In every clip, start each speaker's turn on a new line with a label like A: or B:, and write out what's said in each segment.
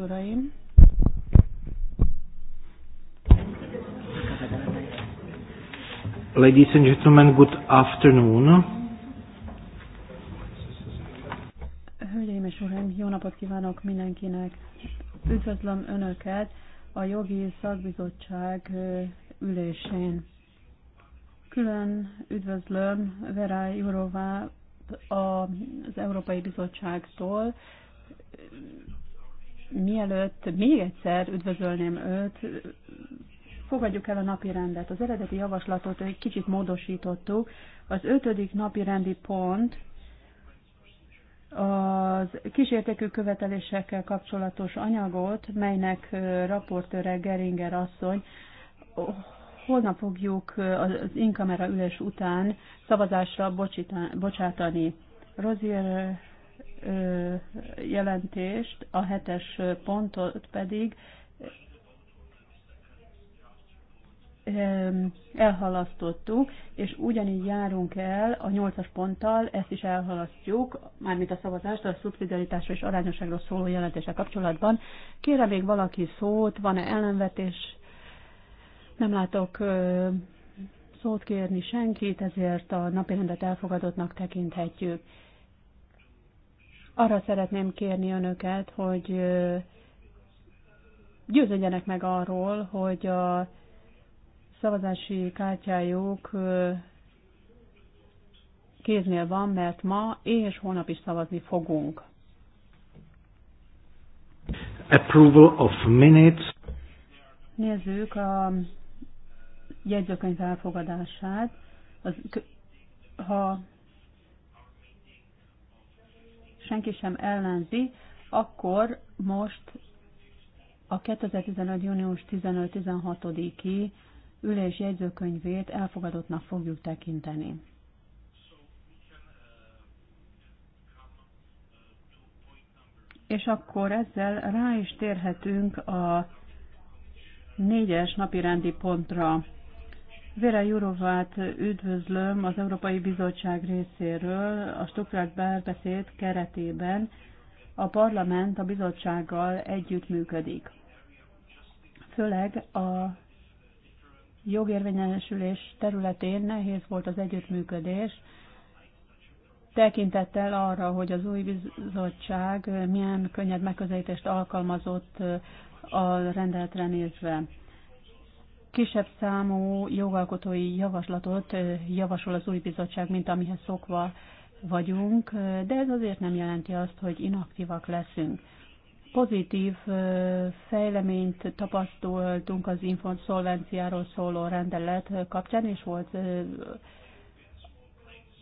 A: uraim! Ladies and gentlemen, good afternoon.
B: Hölgyeim és uraim, jó napot kívánok mindenkinek! Üdvözlöm Önöket a Jogi Szakbizottság ülésén. Külön üdvözlöm Vera Jurová az Európai Bizottságtól. Mielőtt még egyszer üdvözölném őt, fogadjuk el a napi rendet. Az eredeti javaslatot egy kicsit módosítottuk. Az ötödik napi rendi pont az kísértékű követelésekkel kapcsolatos anyagot, melynek raportőre Geringer asszony, holnap fogjuk az inkamera ülés után szavazásra bocsátani. Rozier jelentést, a hetes pontot pedig elhalasztottuk, és ugyanígy járunk el a nyolcas ponttal, ezt is elhalasztjuk, mármint a szavazást a szubszidiaritásra és arányosságról szóló jelentése kapcsolatban. Kére még valaki szót, van-e ellenvetés? Nem látok szót kérni senkit, ezért a napirendet elfogadottnak tekinthetjük. Arra szeretném kérni önöket, hogy győződjenek meg arról, hogy a szavazási kártyájuk kéznél van, mert ma és holnap is szavazni fogunk.
A: Approval of minutes.
B: Nézzük a jegyzőkönyv elfogadását. Az, ha senki sem ellenzi, akkor most a 2015. június 15-16-i ülés jegyzőkönyvét elfogadottnak fogjuk tekinteni. És akkor ezzel rá is térhetünk a négyes rendi pontra. Vera Jurovát üdvözlöm az Európai Bizottság részéről a struktúrált belbeszéd keretében. A parlament a bizottsággal együttműködik. Főleg a jogérvényesülés területén nehéz volt az együttműködés, tekintettel arra, hogy az új bizottság milyen könnyed megközelítést alkalmazott a rendeletre nézve kisebb számú jogalkotói javaslatot javasol az új bizottság, mint amihez szokva vagyunk, de ez azért nem jelenti azt, hogy inaktívak leszünk. Pozitív fejleményt tapasztaltunk az infonszolvenciáról szóló rendelet kapcsán, és volt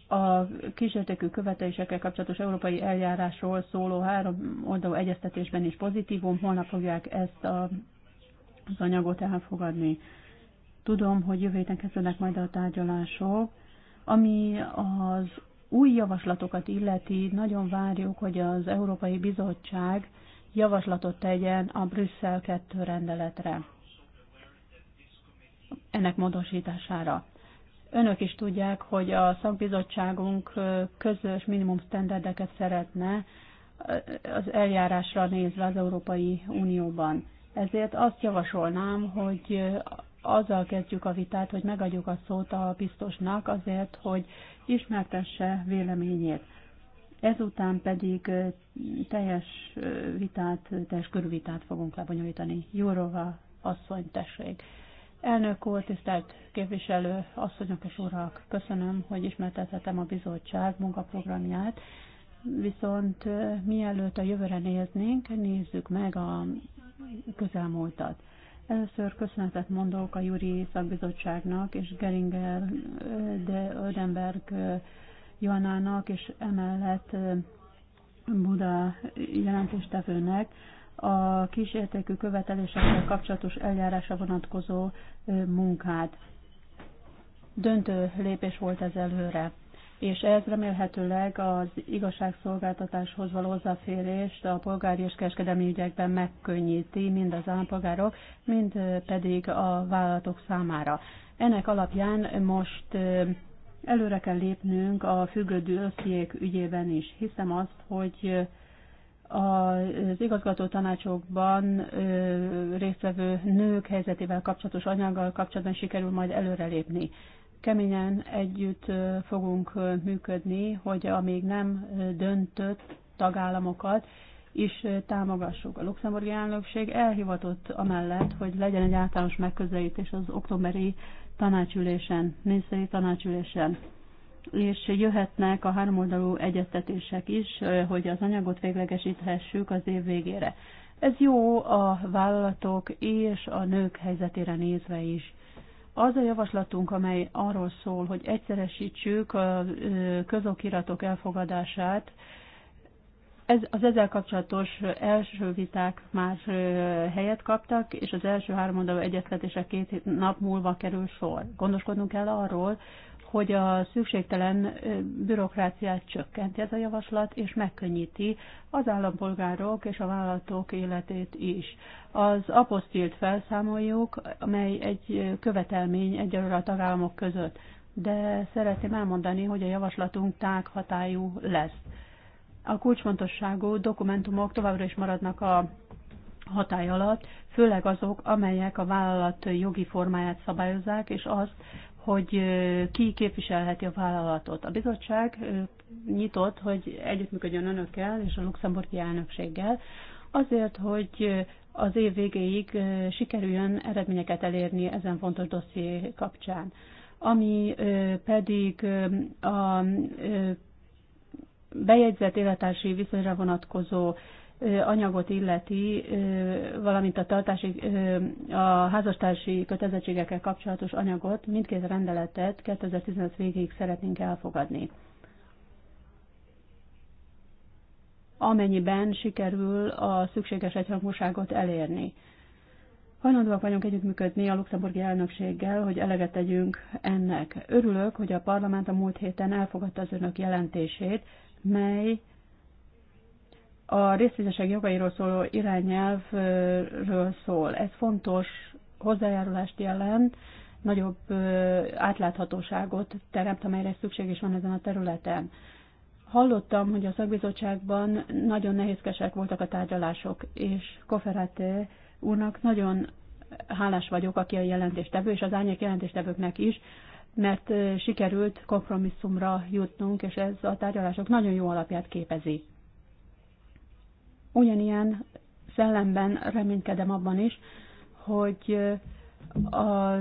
B: a kísértékű követelésekkel kapcsolatos európai eljárásról szóló három oldalú egyeztetésben is pozitívum. Holnap fogják ezt a az anyagot elfogadni. Tudom, hogy jövő héten kezdődnek majd a tárgyalások. Ami az új javaslatokat illeti, nagyon várjuk, hogy az Európai Bizottság javaslatot tegyen a Brüsszel 2 rendeletre, ennek módosítására. Önök is tudják, hogy a szakbizottságunk közös minimum standardeket szeretne az eljárásra nézve az Európai Unióban. Ezért azt javasolnám, hogy azzal kezdjük a vitát, hogy megadjuk a szót a biztosnak azért, hogy ismertesse véleményét. Ezután pedig teljes vitát, teljes körülvitát fogunk lebonyolítani. Jórova asszony, tessék. Elnök úr, tisztelt képviselő, asszonyok és urak, köszönöm, hogy ismertethetem a bizottság munkaprogramját. Viszont mielőtt a jövőre néznénk, nézzük meg a közelmúltat. Először köszönetet mondok a Júri Szakbizottságnak és Geringer eh, de Ödenberg eh, Joannának és emellett eh, Buda jelentéstevőnek a kísértékű követelésekkel kapcsolatos eljárásra vonatkozó munkát. Döntő lépés volt ez előre és ez remélhetőleg az igazságszolgáltatáshoz való hozzáférést a polgári és kereskedelmi ügyekben megkönnyíti mind az állampolgárok, mind pedig a vállalatok számára. Ennek alapján most előre kell lépnünk a függődő össziék ügyében is. Hiszem azt, hogy az igazgató tanácsokban résztvevő nők helyzetével kapcsolatos anyaggal kapcsolatban sikerül majd előrelépni. Keményen együtt fogunk működni, hogy a még nem döntött tagállamokat is támogassuk. A luxemburgi elnökség elhivatott amellett, hogy legyen egy általános megközelítés az októberi tanácsülésen, miniszteri tanácsülésen. És jöhetnek a háromoldalú egyeztetések is, hogy az anyagot véglegesíthessük az év végére. Ez jó a vállalatok és a nők helyzetére nézve is. Az a javaslatunk, amely arról szól, hogy egyszeresítsük a közokiratok elfogadását, ez, az ezzel kapcsolatos első viták már helyet kaptak, és az első háromoldalú egyetletése két nap múlva kerül sor. Gondoskodnunk kell arról, hogy a szükségtelen bürokráciát csökkenti ez a javaslat, és megkönnyíti az állampolgárok és a vállalatok életét is. Az apostilt felszámoljuk, amely egy követelmény egyelőre a tagállamok között, de szeretném elmondani, hogy a javaslatunk tághatályú lesz. A kulcsfontosságú dokumentumok továbbra is maradnak a hatály alatt, főleg azok, amelyek a vállalat jogi formáját szabályozzák, és azt, hogy ki képviselheti a vállalatot. A bizottság nyitott, hogy együttműködjön önökkel és a luxemburgi elnökséggel, azért, hogy az év végéig sikerüljön eredményeket elérni ezen fontos dosszié kapcsán. Ami pedig a bejegyzett élettársi viszonyra vonatkozó anyagot illeti, valamint a, tartási, a házastársi kötelezettségekkel kapcsolatos anyagot, mindkét rendeletet 2015 végéig szeretnénk elfogadni. amennyiben sikerül a szükséges egyhangúságot elérni. Hajlandóak vagyunk együttműködni a luxemburgi elnökséggel, hogy eleget tegyünk ennek. Örülök, hogy a parlament a múlt héten elfogadta az önök jelentését, mely a részvényesek jogairól szóló irányelvről szól. Ez fontos hozzájárulást jelent, nagyobb átláthatóságot teremt, amelyre szükség is van ezen a területen. Hallottam, hogy a szakbizottságban nagyon nehézkesek voltak a tárgyalások, és Koferáté úrnak nagyon hálás vagyok, aki a jelentéstevő, és az árnyék jelentéstevőknek is, mert sikerült kompromisszumra jutnunk, és ez a tárgyalások nagyon jó alapját képezi. Ugyanilyen szellemben reménykedem abban is, hogy az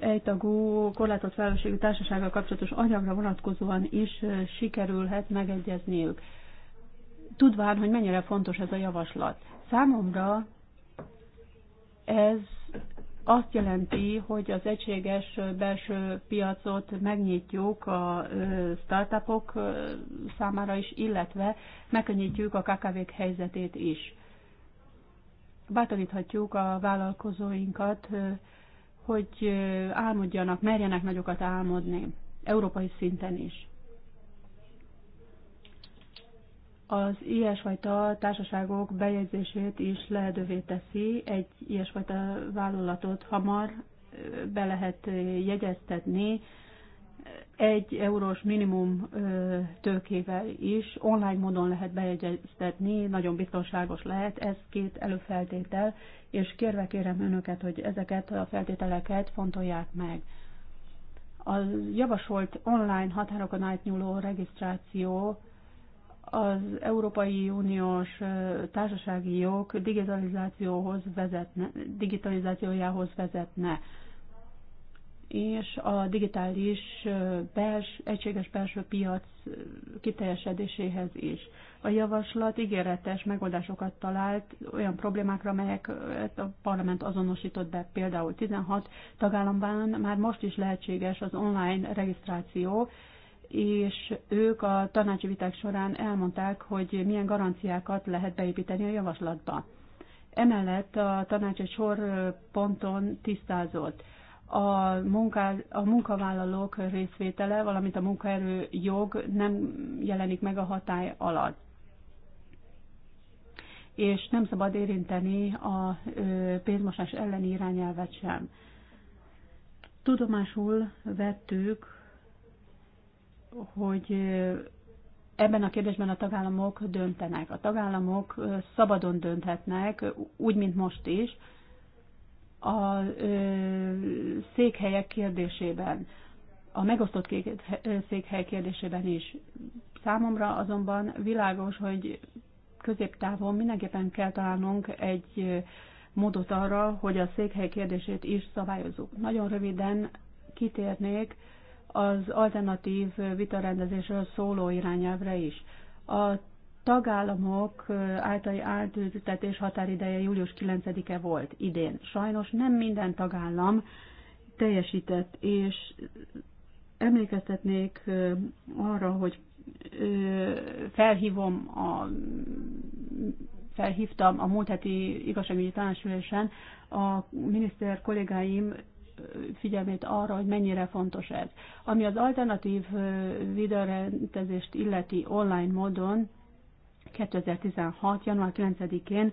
B: egytagú korlátott felelősségű társasággal kapcsolatos anyagra vonatkozóan is sikerülhet megegyezniük. Tudván, hogy mennyire fontos ez a javaslat. Számomra ez azt jelenti, hogy az egységes belső piacot megnyitjuk a startupok számára is, illetve megkönnyítjük a KKV-k helyzetét is. Bátoríthatjuk a vállalkozóinkat, hogy álmodjanak, merjenek nagyokat álmodni, európai szinten is. az ilyesfajta társaságok bejegyzését is lehetővé teszi, egy ilyesfajta vállalatot hamar be lehet jegyeztetni, egy eurós minimum tőkével is online módon lehet bejegyeztetni, nagyon biztonságos lehet, ez két előfeltétel, és kérve kérem önöket, hogy ezeket a feltételeket fontolják meg. A javasolt online határokon átnyúló regisztráció az Európai Uniós társasági jog digitalizációhoz vezetne, digitalizációjához vezetne, és a digitális bels, egységes belső piac kiteljesedéséhez is. A javaslat ígéretes megoldásokat talált olyan problémákra, amelyeket a parlament azonosított be. Például 16 tagállamban már most is lehetséges az online regisztráció, és ők a tanácsi viták során elmondták, hogy milyen garanciákat lehet beépíteni a javaslatba. Emellett a tanács egy sor ponton tisztázott a, munká, a munkavállalók részvétele, valamint a munkaerő jog nem jelenik meg a hatály alatt. És nem szabad érinteni a pénzmosás elleni irányelvet sem. Tudomásul vettük hogy ebben a kérdésben a tagállamok döntenek. A tagállamok szabadon dönthetnek, úgy, mint most is, a székhelyek kérdésében, a megosztott székhely kérdésében is. Számomra azonban világos, hogy középtávon mindenképpen kell találnunk egy módot arra, hogy a székhely kérdését is szabályozzuk. Nagyon röviden kitérnék az alternatív vitarendezésről szóló irányelvre is. A tagállamok általi átültetés határideje július 9-e volt idén. Sajnos nem minden tagállam teljesített, és emlékeztetnék arra, hogy felhívom a felhívtam a múlt heti igazságügyi tanácsülésen a miniszter kollégáim figyelmét arra, hogy mennyire fontos ez. Ami az alternatív videórendezést illeti online módon, 2016. január 9-én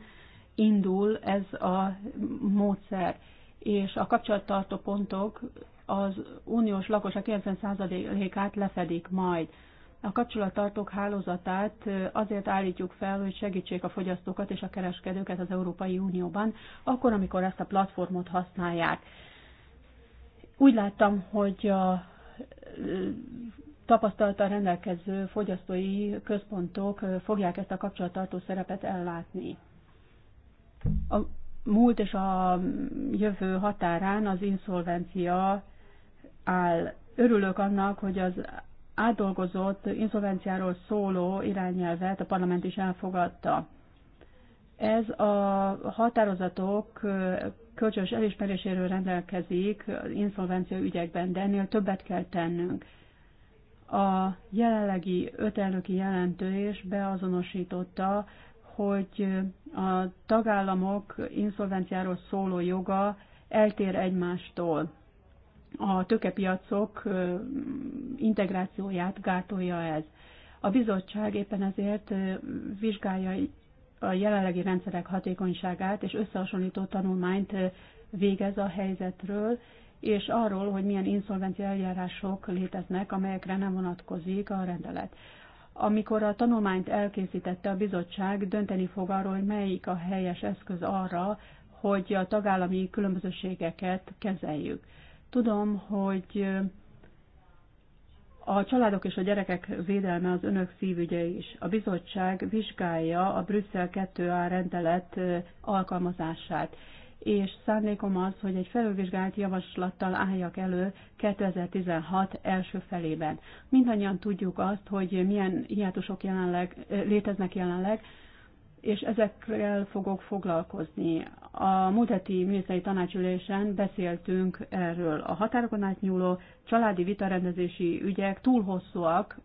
B: indul ez a módszer, és a kapcsolattartó pontok az uniós lakosság 90%-át lefedik majd. A kapcsolattartók hálózatát azért állítjuk fel, hogy segítsék a fogyasztókat és a kereskedőket az Európai Unióban, akkor, amikor ezt a platformot használják. Úgy láttam, hogy a tapasztalattal rendelkező fogyasztói központok fogják ezt a kapcsolattartó szerepet ellátni. A múlt és a jövő határán az inszolvencia áll. Örülök annak, hogy az átdolgozott inszolvenciáról szóló irányelvet a parlament is elfogadta. Ez a határozatok kölcsönös elismeréséről rendelkezik az inszolvencia ügyekben, de ennél többet kell tennünk. A jelenlegi öt elnöki jelentős beazonosította, hogy a tagállamok inszolvenciáról szóló joga eltér egymástól. A tökepiacok integrációját gátolja ez. A bizottság éppen ezért vizsgálja a jelenlegi rendszerek hatékonyságát, és összehasonlító tanulmányt végez a helyzetről, és arról, hogy milyen inszolvencia eljárások léteznek, amelyekre nem vonatkozik a rendelet. Amikor a tanulmányt elkészítette a bizottság, dönteni fog arról, hogy melyik a helyes eszköz arra, hogy a tagállami különbözőségeket kezeljük. Tudom, hogy a családok és a gyerekek védelme az önök szívügye is. A bizottság vizsgálja a Brüsszel 2A rendelet alkalmazását, és szándékom az, hogy egy felülvizsgált javaslattal álljak elő 2016 első felében. Mindannyian tudjuk azt, hogy milyen hiátusok jelenleg, léteznek jelenleg, és ezekkel fogok foglalkozni. A heti műszai tanácsülésen beszéltünk erről. A határokon átnyúló családi vitarendezési ügyek túl hosszúak,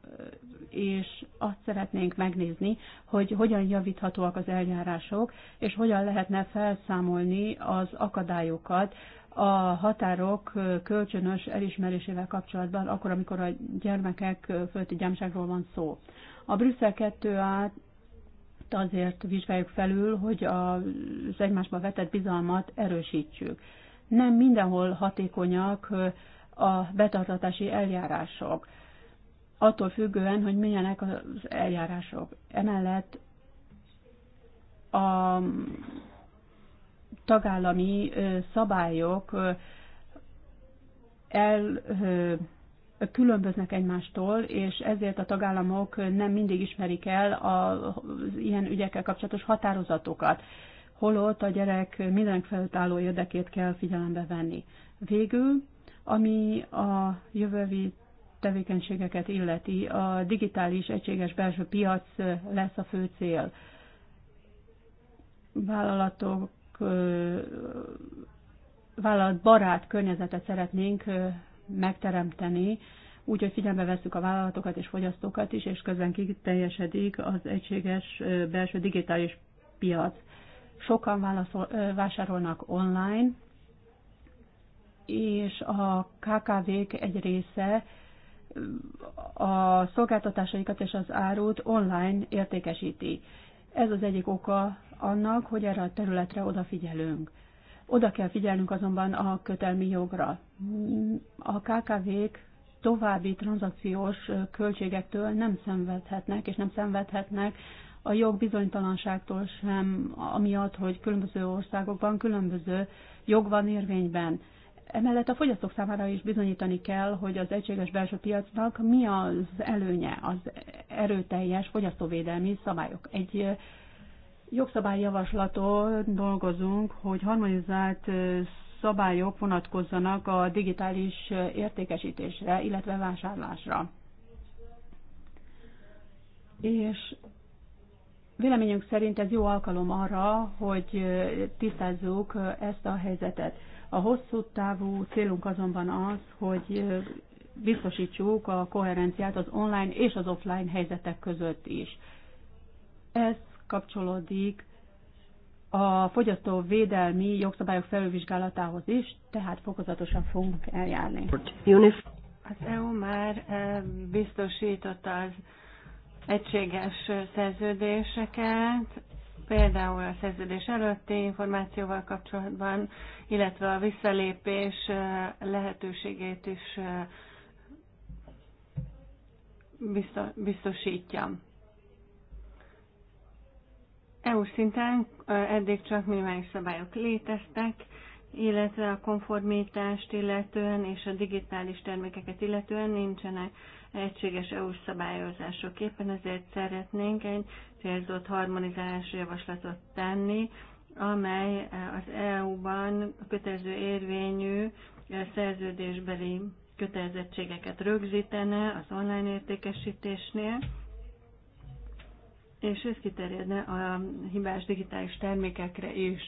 B: és azt szeretnénk megnézni, hogy hogyan javíthatóak az eljárások, és hogyan lehetne felszámolni az akadályokat a határok kölcsönös elismerésével kapcsolatban, akkor, amikor a gyermekek fölti gyámságról van szó. A Brüsszel 2 ezt azért vizsgáljuk felül, hogy az egymásba vetett bizalmat erősítsük. Nem mindenhol hatékonyak a betartatási eljárások, attól függően, hogy milyenek az eljárások. Emellett a tagállami szabályok el különböznek egymástól, és ezért a tagállamok nem mindig ismerik el az ilyen ügyekkel kapcsolatos határozatokat, holott a gyerek mindenek felett álló érdekét kell figyelembe venni. Végül, ami a jövővi tevékenységeket illeti, a digitális egységes belső piac lesz a fő cél. Vállalatok vállalatbarát környezetet szeretnénk megteremteni, úgy, hogy figyelembe veszük a vállalatokat és fogyasztókat is, és közben kiteljesedik az egységes belső digitális piac. Sokan válaszol, vásárolnak online, és a KKV-k egy része a szolgáltatásaikat és az árut online értékesíti. Ez az egyik oka annak, hogy erre a területre odafigyelünk. Oda kell figyelnünk azonban a kötelmi jogra. A KKV-k további tranzakciós költségektől nem szenvedhetnek, és nem szenvedhetnek a jog bizonytalanságtól sem, amiatt, hogy különböző országokban különböző jog van érvényben. Emellett a fogyasztók számára is bizonyítani kell, hogy az egységes belső piacnak mi az előnye, az erőteljes fogyasztóvédelmi szabályok. Egy jogszabályjavaslaton dolgozunk, hogy harmonizált szabályok vonatkozzanak a digitális értékesítésre, illetve vásárlásra. És véleményünk szerint ez jó alkalom arra, hogy tisztázzuk ezt a helyzetet. A hosszú távú célunk azonban az, hogy biztosítsuk a koherenciát az online és az offline helyzetek között is. Ez kapcsolódik a védelmi jogszabályok felülvizsgálatához is, tehát fokozatosan fogunk eljárni.
C: Az EU már e, biztosította az egységes szerződéseket, például a szerződés előtti információval kapcsolatban, illetve a visszalépés e, lehetőségét is e, biztosítja. EU szinten eddig csak minimális szabályok léteztek, illetve a konformitást illetően és a digitális termékeket illetően nincsenek egységes EU-s szabályozások. Éppen ezért szeretnénk egy célzott harmonizálási javaslatot tenni, amely az EU-ban kötelező érvényű szerződésbeli kötelezettségeket rögzítene az online értékesítésnél, és ez kiterjedne a hibás digitális termékekre is.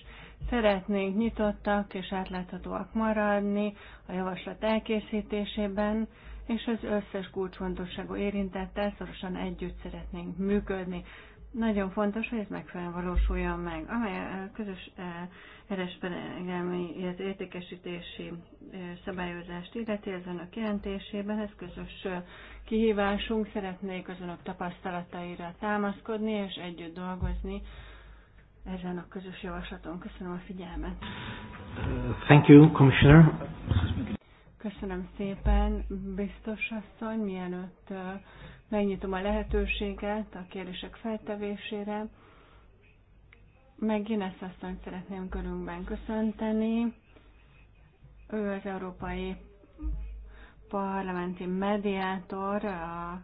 C: Szeretnénk nyitottak és átláthatóak maradni a javaslat elkészítésében, és az összes kulcsfontosságú érintettel szorosan együtt szeretnénk működni. Nagyon fontos, hogy ez megfelelően valósuljon meg, amely a közös eh, kereskedelmi értékesítési eh, szabályozást illeti az önök jelentésében. Ez közös eh, kihívásunk, szeretnék az önök tapasztalataira támaszkodni és együtt dolgozni ezen a közös javaslaton. Köszönöm a figyelmet.
A: Thank you, Commissioner.
C: Köszönöm szépen, biztos asszony, mielőtt megnyitom a lehetőséget a kérdések feltevésére. Meg Guinness asszonyt szeretném körünkben köszönteni. Ő az Európai Parlamenti Mediátor, a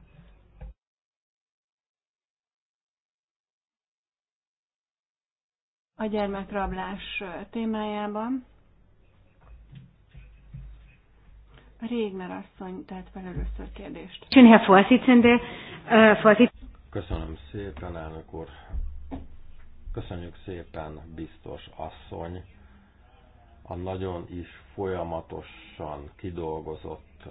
C: a gyermekrablás témájában. Régner asszony, tehát fel először kérdést.
D: Äh, Köszönöm szépen, elnök úr. Köszönjük szépen, biztos asszony, a nagyon is folyamatosan kidolgozott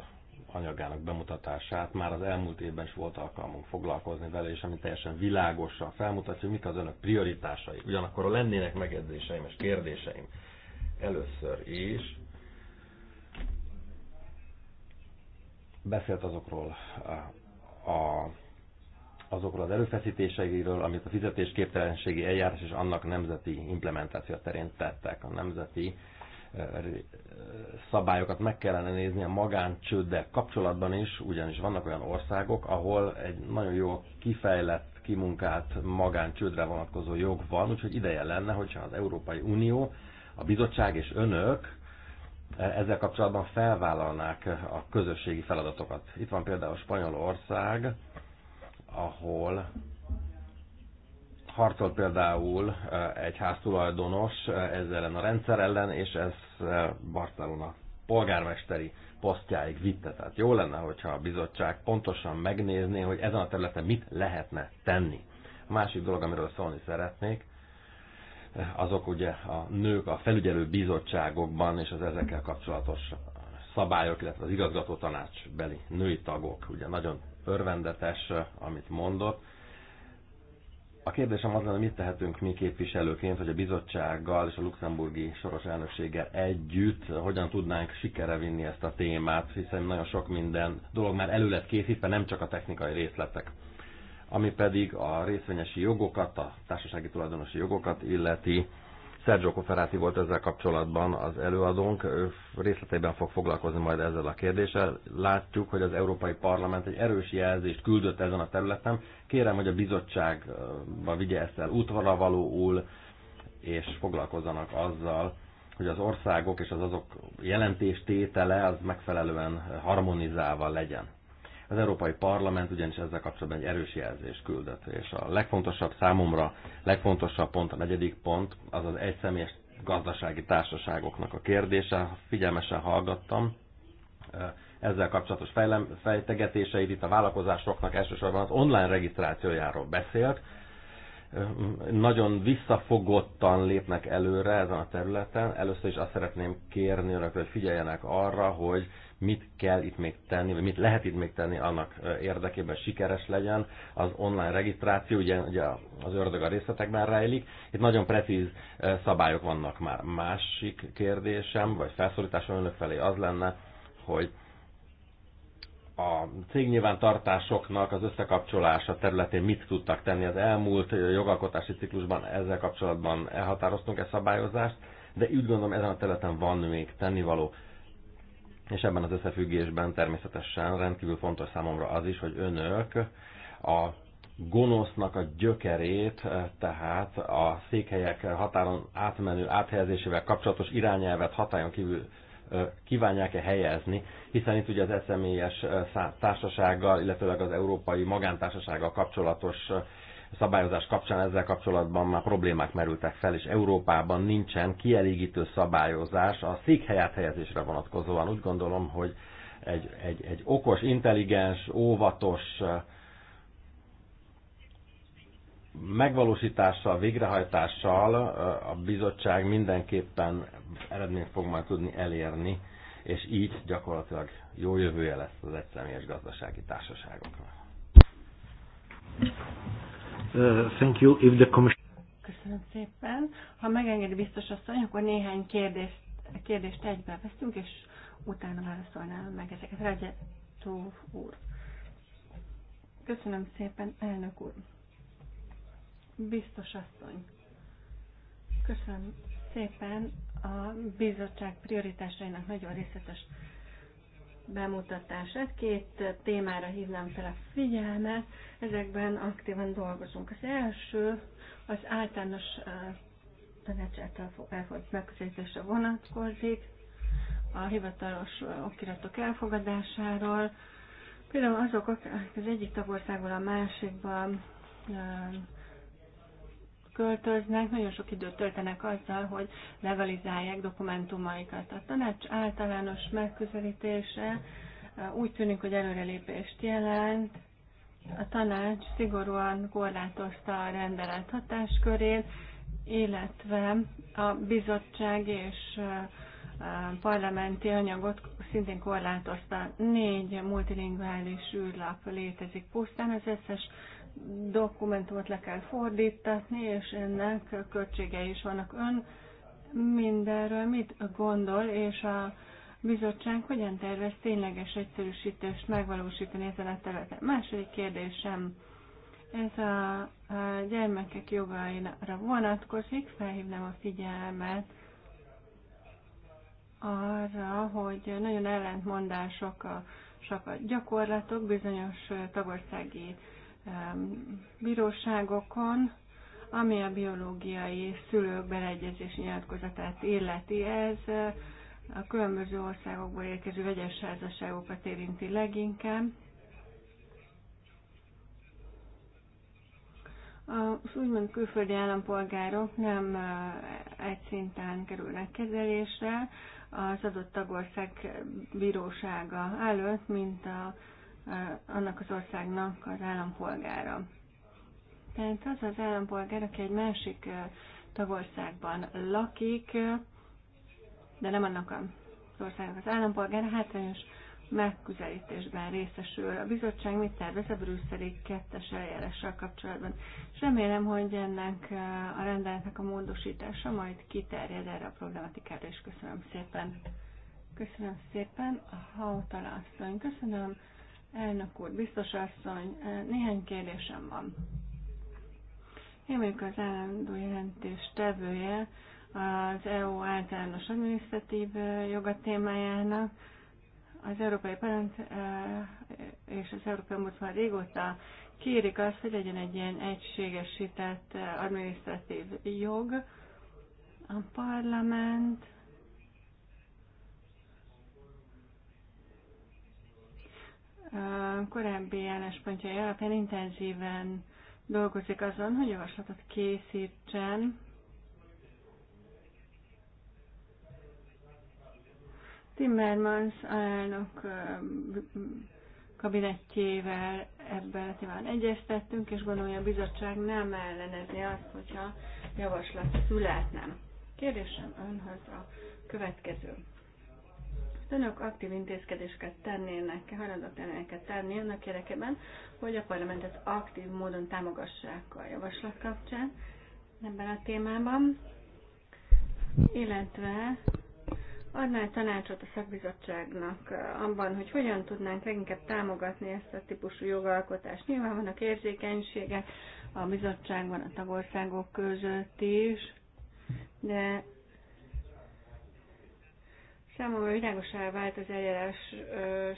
D: anyagának bemutatását. Már az elmúlt évben is volt alkalmunk foglalkozni vele, és ami teljesen világosan felmutatja, hogy mik az önök prioritásai. Ugyanakkor lennének megedzéseim és kérdéseim először is beszélt azokról a azokról az előfeszítéseiről, amit a fizetésképtelenségi eljárás és annak nemzeti implementáció terén tettek. A nemzeti szabályokat meg kellene nézni a magáncsőddel kapcsolatban is, ugyanis vannak olyan országok, ahol egy nagyon jó kifejlett, kimunkált magáncsődre vonatkozó jog van, úgyhogy ideje lenne, hogyha az Európai Unió, a bizottság és önök ezzel kapcsolatban felvállalnák a közösségi feladatokat. Itt van például Spanyolország, ahol harcol például eh, egy háztulajdonos eh, ezzel ellen a rendszer ellen, és ez eh, Barcelona polgármesteri posztjáig vitte. Tehát jó lenne, hogyha a bizottság pontosan megnézné, hogy ezen a területen mit lehetne tenni. A másik dolog, amiről szólni szeretnék, azok ugye a nők a felügyelő bizottságokban és az ezekkel kapcsolatos szabályok, illetve az igazgató tanácsbeli női tagok, ugye nagyon örvendetes, amit mondott. A kérdésem az lenne, mit tehetünk mi képviselőként, hogy a bizottsággal és a luxemburgi soros elnökséggel együtt hogyan tudnánk sikere vinni ezt a témát, hiszen nagyon sok minden dolog már elő lett készítve, nem csak a technikai részletek ami pedig a részvényesi jogokat, a társasági tulajdonosi jogokat illeti. Sergio Koferáti volt ezzel kapcsolatban az előadónk, ő részletében fog foglalkozni majd ezzel a kérdéssel. Látjuk, hogy az Európai Parlament egy erős jelzést küldött ezen a területen. Kérem, hogy a bizottságba vigye ezt el útvara valóul, és foglalkozzanak azzal, hogy az országok és az azok jelentéstétele az megfelelően harmonizálva legyen. Az Európai Parlament ugyanis ezzel kapcsolatban egy erős jelzést küldött, és a legfontosabb számomra, legfontosabb pont, a negyedik pont, az az egyszemélyes gazdasági társaságoknak a kérdése. Figyelmesen hallgattam ezzel kapcsolatos fejlem, fejtegetéseit, itt a vállalkozásoknak elsősorban az online regisztrációjáról beszélt. Nagyon visszafogottan lépnek előre ezen a területen. Először is azt szeretném kérni önök, hogy figyeljenek arra, hogy mit kell itt még tenni, vagy mit lehet itt még tenni annak érdekében, sikeres legyen az online regisztráció, ugye, ugye az ördög a részletekben rejlik. Itt nagyon precíz szabályok vannak már. Másik kérdésem, vagy felszólításom önök felé az lenne, hogy a cégnyilvántartásoknak az összekapcsolása területén mit tudtak tenni. Az elmúlt jogalkotási ciklusban ezzel kapcsolatban elhatároztunk e szabályozást, de úgy gondolom ezen a területen van még tennivaló. És ebben az összefüggésben természetesen rendkívül fontos számomra az is, hogy önök a gonosznak a gyökerét, eh, tehát a székhelyek határon átmenő áthelyezésével kapcsolatos irányelvet hatályon kívül eh, kívánják-e helyezni, hiszen itt ugye az eszemélyes eh, társasággal, illetőleg az európai magántársasággal kapcsolatos szabályozás kapcsán ezzel kapcsolatban már problémák merültek fel, és Európában nincsen kielégítő szabályozás a székhely helyezésre vonatkozóan. Úgy gondolom, hogy egy, egy, egy okos, intelligens, óvatos megvalósítással, végrehajtással a bizottság mindenképpen eredményt fog majd tudni elérni, és így gyakorlatilag jó jövője lesz az egyszemélyes gazdasági társaságoknak.
A: Uh, thank you. If the commission...
C: Köszönöm szépen. Ha megengedi biztos asszony, akkor néhány kérdést, kérdést egybe veszünk, és utána válaszolnám meg ezeket. Ragyetó úr. Köszönöm szépen, elnök úr. Biztos asszony. Köszönöm szépen a bizottság prioritásainak nagyon részletes bemutatását. Két témára hívnám fel a figyelmet, ezekben aktívan dolgozunk. Az első az általános tanácsától elfogadott megközelítésre vonatkozik, a hivatalos okiratok elfogadásáról. Például azok, akik az egyik tagországból a másikban költöznek, nagyon sok időt töltenek azzal, hogy legalizálják dokumentumaikat. A tanács általános megközelítése eh, úgy tűnik, hogy előrelépést jelent. A tanács szigorúan korlátozta a rendelet hatáskörét, illetve a bizottság és eh, parlamenti anyagot szintén korlátozta. Négy multilinguális űrlap létezik pusztán, az összes dokumentumot le kell fordítatni, és ennek költségei is vannak. Ön mindenről mit gondol, és a bizottság hogyan tervez tényleges egyszerűsítést megvalósítani ezen a területen? Második kérdésem, ez a gyermekek jogainra vonatkozik, felhívnám a figyelmet arra, hogy nagyon ellentmondások a gyakorlatok bizonyos tagországi bíróságokon, ami a biológiai szülők beleegyezési nyilatkozatát illeti. Ez a különböző országokból érkező vegyes házasságokat érinti leginkább. Az úgymond külföldi állampolgárok nem egy szinten kerülnek kezelésre az adott tagország bírósága előtt, mint a annak az országnak az állampolgára. Tehát az az állampolgár, aki egy másik tagországban lakik, de nem annak az országnak az állampolgára, hátrányos megközelítésben részesül. A bizottság mit tervez a brüsszeli kettes eljárással kapcsolatban? És remélem, hogy ennek a rendeletnek a módosítása majd kiterjed erre a problematikára, és köszönöm szépen. Köszönöm szépen, Hautala asszony, köszönöm. Elnök úr, biztos asszony, néhány kérdésem van. Én vagyok az állandó jelentés tevője az EU általános adminisztratív joga témájának. Az Európai Parlament és az Európai Ombudsman régóta kérik azt, hogy legyen egy ilyen egységesített adminisztratív jog. A parlament korábbi álláspontjai alapján intenzíven dolgozik azon, hogy javaslatot készítsen Timmermans elnök kabinettjével ebben a témában egyeztettünk, és gondolja a bizottság nem ellenezni azt, hogyha javaslat születne. Kérdésem önhöz a következő önök aktív intézkedéseket tennének, hajlandók lennének tenni annak érdekében, hogy a parlamentet aktív módon támogassák a javaslat kapcsán ebben a témában, illetve adnál tanácsot a szakbizottságnak eh, abban, hogy hogyan tudnánk leginkább támogatni ezt a típusú jogalkotást. Nyilván vannak érzékenységek a bizottságban, a tagországok között is, de Számomra világosá vált az eljárás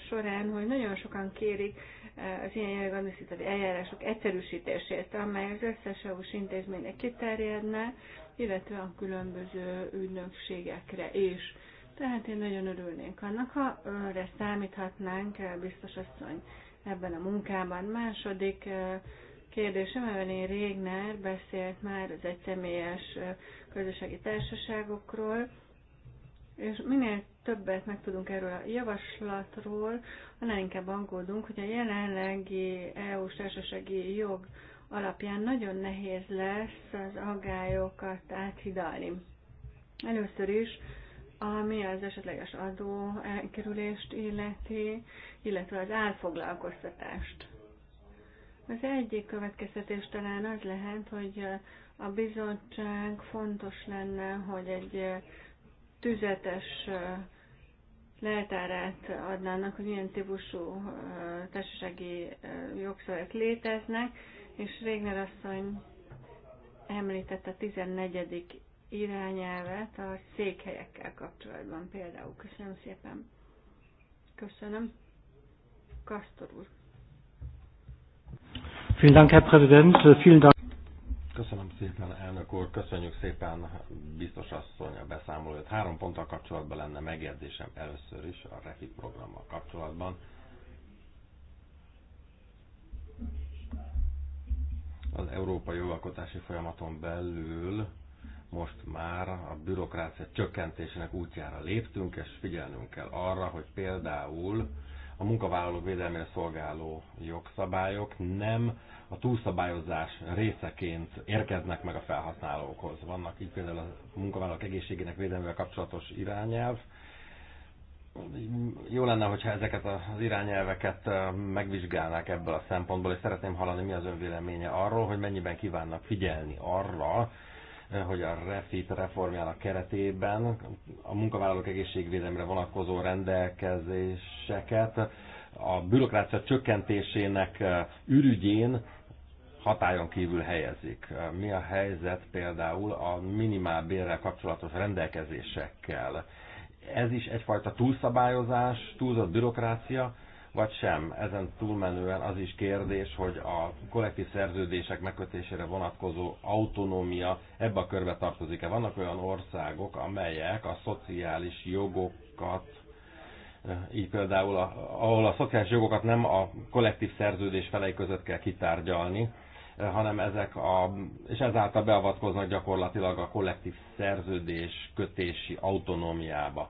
C: során, hogy nagyon sokan kérik az ilyen jellegű eljárások egyszerűsítését, amely az összes EU-s intézménynek kiterjedne, illetve a különböző ügynökségekre is. Tehát én nagyon örülnék annak, ha önre számíthatnánk, biztos asszony, ebben a munkában. Második kérdésem, Evelyn Régner beszélt már az egyszemélyes közösségi társaságokról, és minél többet megtudunk erről a javaslatról, annál inkább aggódunk, hogy a jelenlegi EU-s társasági jog alapján nagyon nehéz lesz az agályokat áthidalni. Először is, ami az esetleges adó elkerülést illeti, illetve az álfoglalkoztatást. Az egyik következtetés talán az lehet, hogy a bizottság fontos lenne, hogy egy tüzetes leltárát adnának, hogy milyen típusú társasági jogszabályok léteznek, és Régner asszony említette a 14. irányelvet a székhelyekkel kapcsolatban például. Köszönöm szépen. Köszönöm. Kastor úr.
D: Vielen Dank, Herr
A: Präsident. Vielen Dank.
D: Köszönöm szépen, elnök úr, köszönjük szépen, biztos asszony a beszámolót. Három ponttal kapcsolatban lenne megjegyzésem először is a REFIT programmal kapcsolatban. Az európai jogalkotási folyamaton belül most már a bürokrácia csökkentésének útjára léptünk, és figyelnünk kell arra, hogy például a munkavállalók védelmére szolgáló jogszabályok nem a túlszabályozás részeként érkeznek meg a felhasználókhoz. Vannak így például a munkavállalók egészségének védelmével kapcsolatos irányelv. Jó lenne, hogyha ezeket az irányelveket megvizsgálnák ebből a szempontból, és szeretném hallani, mi az ön véleménye arról, hogy mennyiben kívánnak figyelni arra, Eh, hogy a REFIT reformjának keretében a munkavállalók egészségvédelemre vonatkozó rendelkezéseket a bürokrácia csökkentésének eh, ürügyén hatályon kívül helyezik. Mi a helyzet például a minimálbérrel kapcsolatos rendelkezésekkel? Ez is egyfajta túlszabályozás, túlzott bürokrácia, vagy sem. Ezen túlmenően az is kérdés, hogy a kollektív szerződések megkötésére vonatkozó autonómia ebbe a körbe tartozik-e. Vannak olyan országok, amelyek a szociális jogokat eh, így például, a, ahol a szociális jogokat nem a kollektív szerződés felei között kell kitárgyalni, eh, hanem ezek a, és ezáltal beavatkoznak gyakorlatilag a kollektív szerződés kötési autonómiába.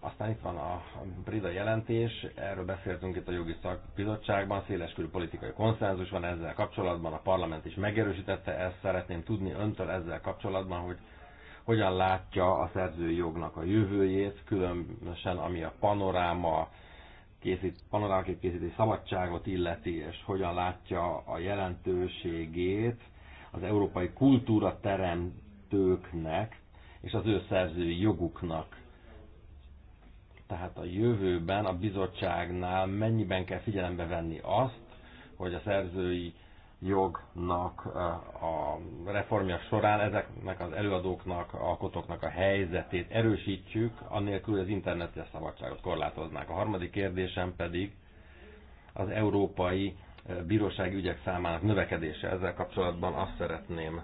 D: Aztán itt van a Brida jelentés, erről beszéltünk itt a jogi szakbizottságban, széleskörű politikai konszenzus van ezzel kapcsolatban, a parlament is megerősítette ezt, szeretném tudni öntől ezzel kapcsolatban, hogy hogyan látja a szerzői jognak a jövőjét, különösen ami a panoráma, készít, panorámaként készíti szabadságot illeti, és hogyan látja a jelentőségét az európai kultúra teremtőknek és az ő szerzői joguknak tehát a jövőben a bizottságnál mennyiben kell figyelembe venni azt, hogy a szerzői jognak a reformja során ezeknek az előadóknak, alkotóknak a helyzetét erősítjük, annélkül, hogy az internetes szabadságot korlátoznák. A harmadik kérdésem pedig az európai bírósági ügyek számának növekedése. Ezzel kapcsolatban azt szeretném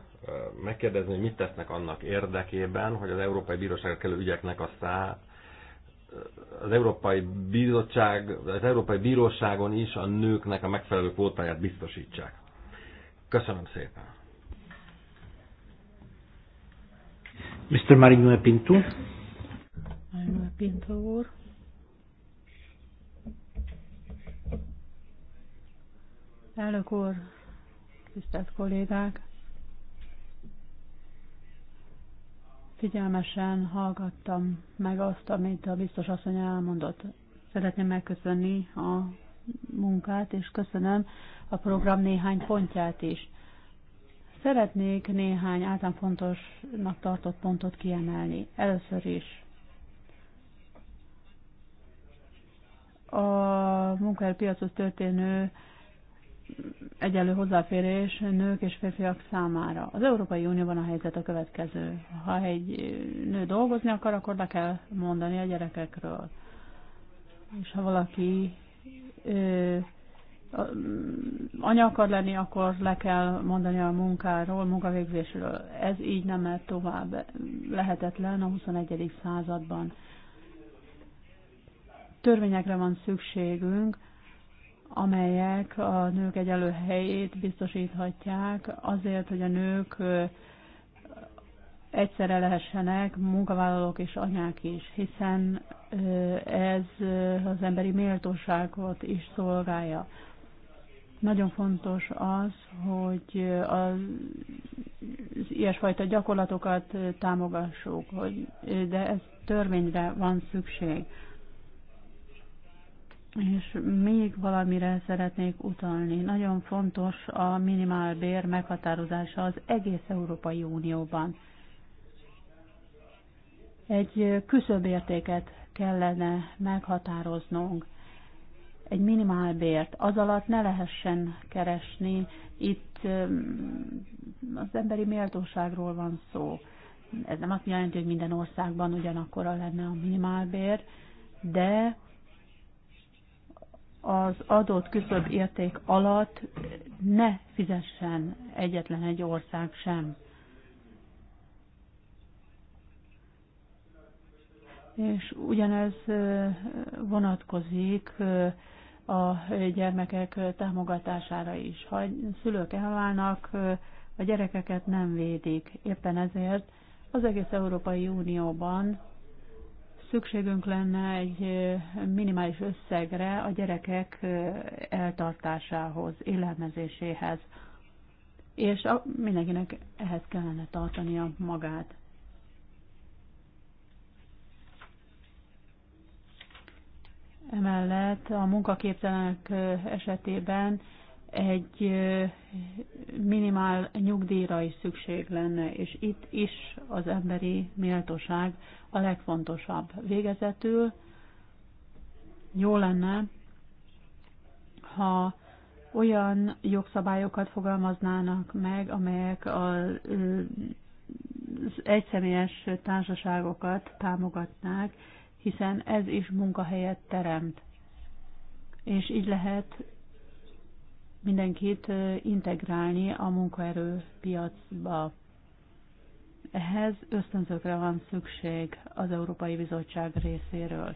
D: megkérdezni, hogy mit tesznek annak érdekében, hogy az európai bíróságra kellő ügyeknek a száma az Európai Bizottság, az Európai Bíróságon is a nőknek a megfelelő kvótáját biztosítsák. Köszönöm szépen.
A: Mr. Marino Pinto.
C: Marino Pinto úr. Elnök
B: úr, tisztelt kollégák! Figyelmesen hallgattam meg azt, amit a biztos asszony elmondott. Szeretném megköszönni a munkát, és köszönöm a program néhány pontját is. Szeretnék néhány általán fontosnak tartott pontot kiemelni. Először is a munkaerőpiacot történő egyenlő hozzáférés nők és férfiak számára. Az Európai Unióban a helyzet a következő. Ha egy nő dolgozni akar, akkor le kell mondani a gyerekekről. És ha valaki ö, anya akar lenni, akkor le kell mondani a munkáról, munkavégzésről. Ez így nem mehet tovább. Lehetetlen a 21. században. Törvényekre van szükségünk, amelyek a nők egyenlő helyét biztosíthatják azért, hogy a nők egyszerre lehessenek munkavállalók és anyák is, hiszen ez az emberi méltóságot is szolgálja. Nagyon fontos az, hogy az ilyesfajta gyakorlatokat támogassuk, hogy, de ez törvényre van szükség. És még valamire szeretnék utalni. Nagyon fontos a minimálbér meghatározása az egész Európai Unióban. Egy küszöbértéket kellene meghatároznunk, egy minimálbért. Az alatt ne lehessen keresni, itt az emberi méltóságról van szó. Ez nem azt jelenti, hogy minden országban ugyanakkora lenne a minimálbér, de az adott küszöbb érték alatt ne fizessen egyetlen egy ország sem. És ugyanez vonatkozik a gyermekek támogatására is. Ha szülők elválnak, a gyerekeket nem védik. Éppen ezért az egész Európai Unióban szükségünk lenne egy minimális összegre a gyerekek eltartásához, élelmezéséhez, és a, mindenkinek ehhez kellene tartania magát. Emellett a munkaképtelenek esetében egy minimál nyugdíjra is szükség lenne, és itt is az emberi méltóság a legfontosabb. Végezetül jó lenne, ha olyan jogszabályokat fogalmaznának meg, amelyek az egyszemélyes társaságokat támogatnák, hiszen ez is munkahelyet teremt. És így lehet mindenkit integrálni a munkaerőpiacba. Ehhez ösztönzőkre van szükség az Európai Bizottság részéről.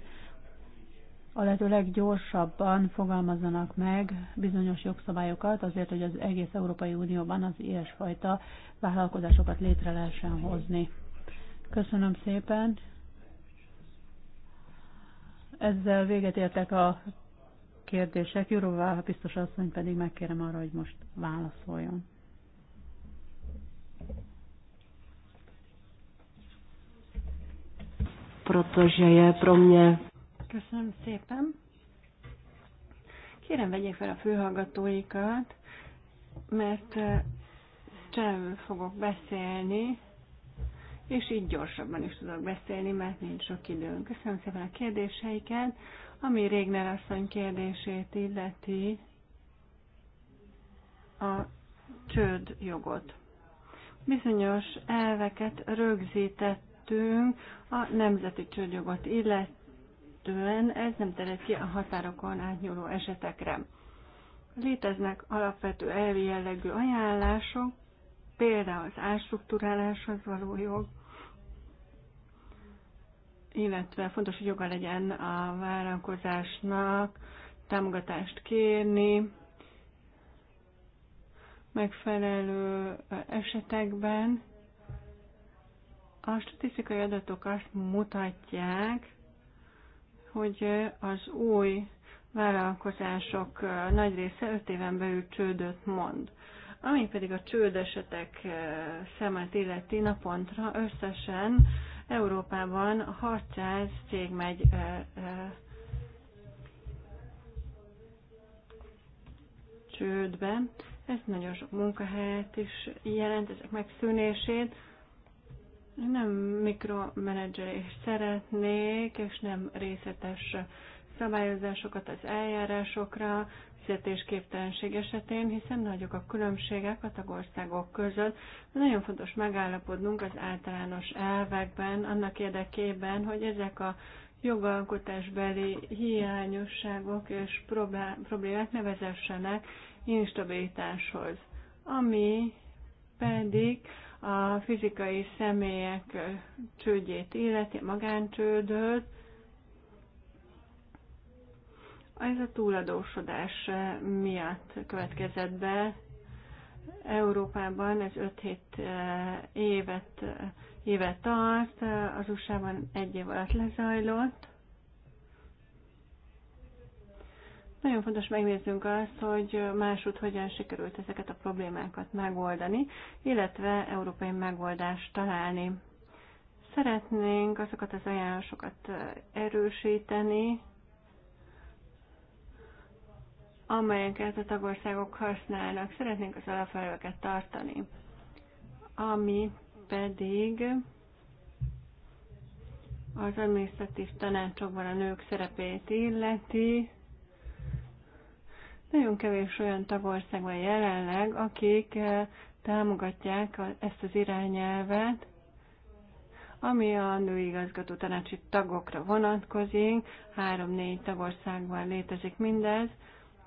B: A lehető leggyorsabban fogalmazzanak meg bizonyos jogszabályokat azért, hogy az egész Európai Unióban az ilyesfajta vállalkozásokat létre lehessen hozni. Köszönöm szépen! Ezzel véget értek a kérdések. Jurová biztos asszony pedig megkérem arra, hogy most
C: válaszoljon. Protože je pro mě. Köszönöm szépen. Kérem, vegyék fel a főhallgatóikat, mert csendben fogok beszélni, és így gyorsabban is tudok beszélni, mert nincs sok időnk. Köszönöm szépen a kérdéseiket. Ami Régner asszony kérdését illeti, a csőd jogot. Bizonyos elveket rögzítettünk a nemzeti csődjogot illetően, ez nem terjed ki a határokon átnyúló esetekre. Léteznek alapvető elvi jellegű ajánlások, például az ástruktúráláshoz való jog, illetve fontos, hogy joga legyen a vállalkozásnak támogatást kérni megfelelő esetekben. A statisztikai adatok azt mutatják, hogy az új vállalkozások nagy része 5 éven belül csődöt mond. Ami pedig a csődesetek eh, szemet illeti naponta összesen Európában 600 cég megy csődbe. Ez nagyon sok munkahelyet is jelent, ezek megszűnését. Nem mikromenedzselést szeretnék, és nem részletes szabályozásokat az eljárásokra, fizetésképtelenség esetén, hiszen nagyok a különbségek a tagországok között. de Nagyon fontos megállapodnunk az általános elvekben, annak érdekében, hogy ezek a jogalkotásbeli hiányosságok és problémák ne vezessenek instabilitáshoz, ami pedig a fizikai személyek csődjét illeti, magáncsődöt, ez a túladósodás eh, miatt következett be. Európában ez 5-7 eh, évet, eh, évet tart, az USA-ban egy év alatt lezajlott. Nagyon fontos megnézzünk azt, hogy máshogy hogyan sikerült ezeket a problémákat megoldani, illetve európai megoldást találni. Szeretnénk azokat az ajánlásokat erősíteni, amelyeket a tagországok használnak. Szeretnénk az alapelveket tartani. Ami pedig az adminisztratív tanácsokban a nők szerepét illeti, nagyon kevés olyan tagország van jelenleg, akik eh, támogatják ezt az irányelvet, ami a női igazgató tanácsi tagokra vonatkozik, három-négy tagországban létezik mindez,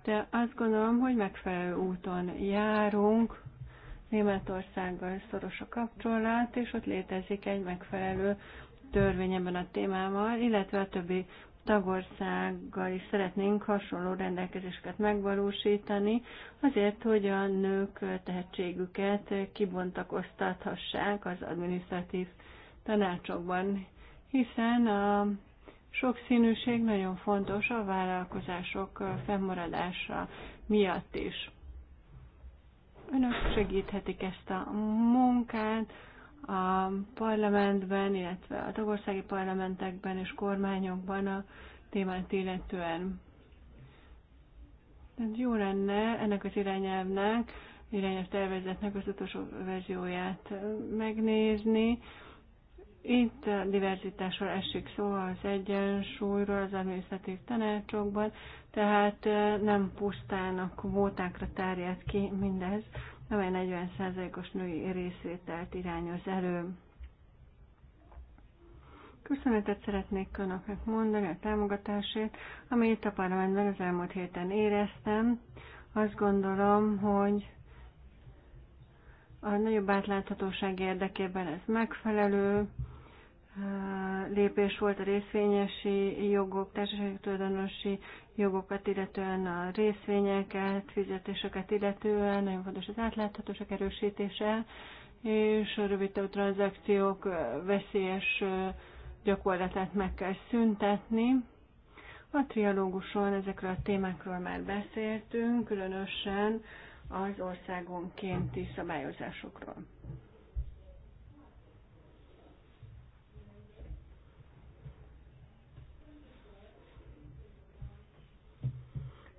C: de azt gondolom, hogy megfelelő úton járunk. Németországgal szoros a kapcsolat, és ott létezik egy megfelelő törvény ebben a témával, illetve a többi tagországgal is szeretnénk hasonló rendelkezéseket megvalósítani, azért, hogy a nők tehetségüket kibontakoztathassák az adminisztratív tanácsokban, hiszen a sok színűség nagyon fontos a vállalkozások fennmaradása miatt is. Önök segíthetik ezt a munkát a parlamentben, illetve a tagországi parlamentekben és kormányokban a témát illetően. Tehát jó lenne ennek az irányelvnek, irányelv tervezetnek az utolsó verzióját megnézni, itt a diverzitásról esik szó az egyensúlyról az adminisztratív tanácsokban, tehát nem pusztán a kvótákra terjed ki mindez, amely 40%-os női részvételt irányoz elő. Köszönetet szeretnék Önöknek mondani a támogatásért, amit a parlamentben az elmúlt héten éreztem. Azt gondolom, hogy a nagyobb átláthatóság érdekében ez megfelelő uh, lépés volt a részvényesi jogok, társasági jogokat, illetően a részvényeket, fizetéseket, illetően nagyon fontos az átláthatóság erősítése, és a rövidebb tranzakciók uh, veszélyes uh, gyakorlatát meg kell szüntetni. A trialóguson ezekről a témákról már beszéltünk, különösen az országonkénti szabályozásokról.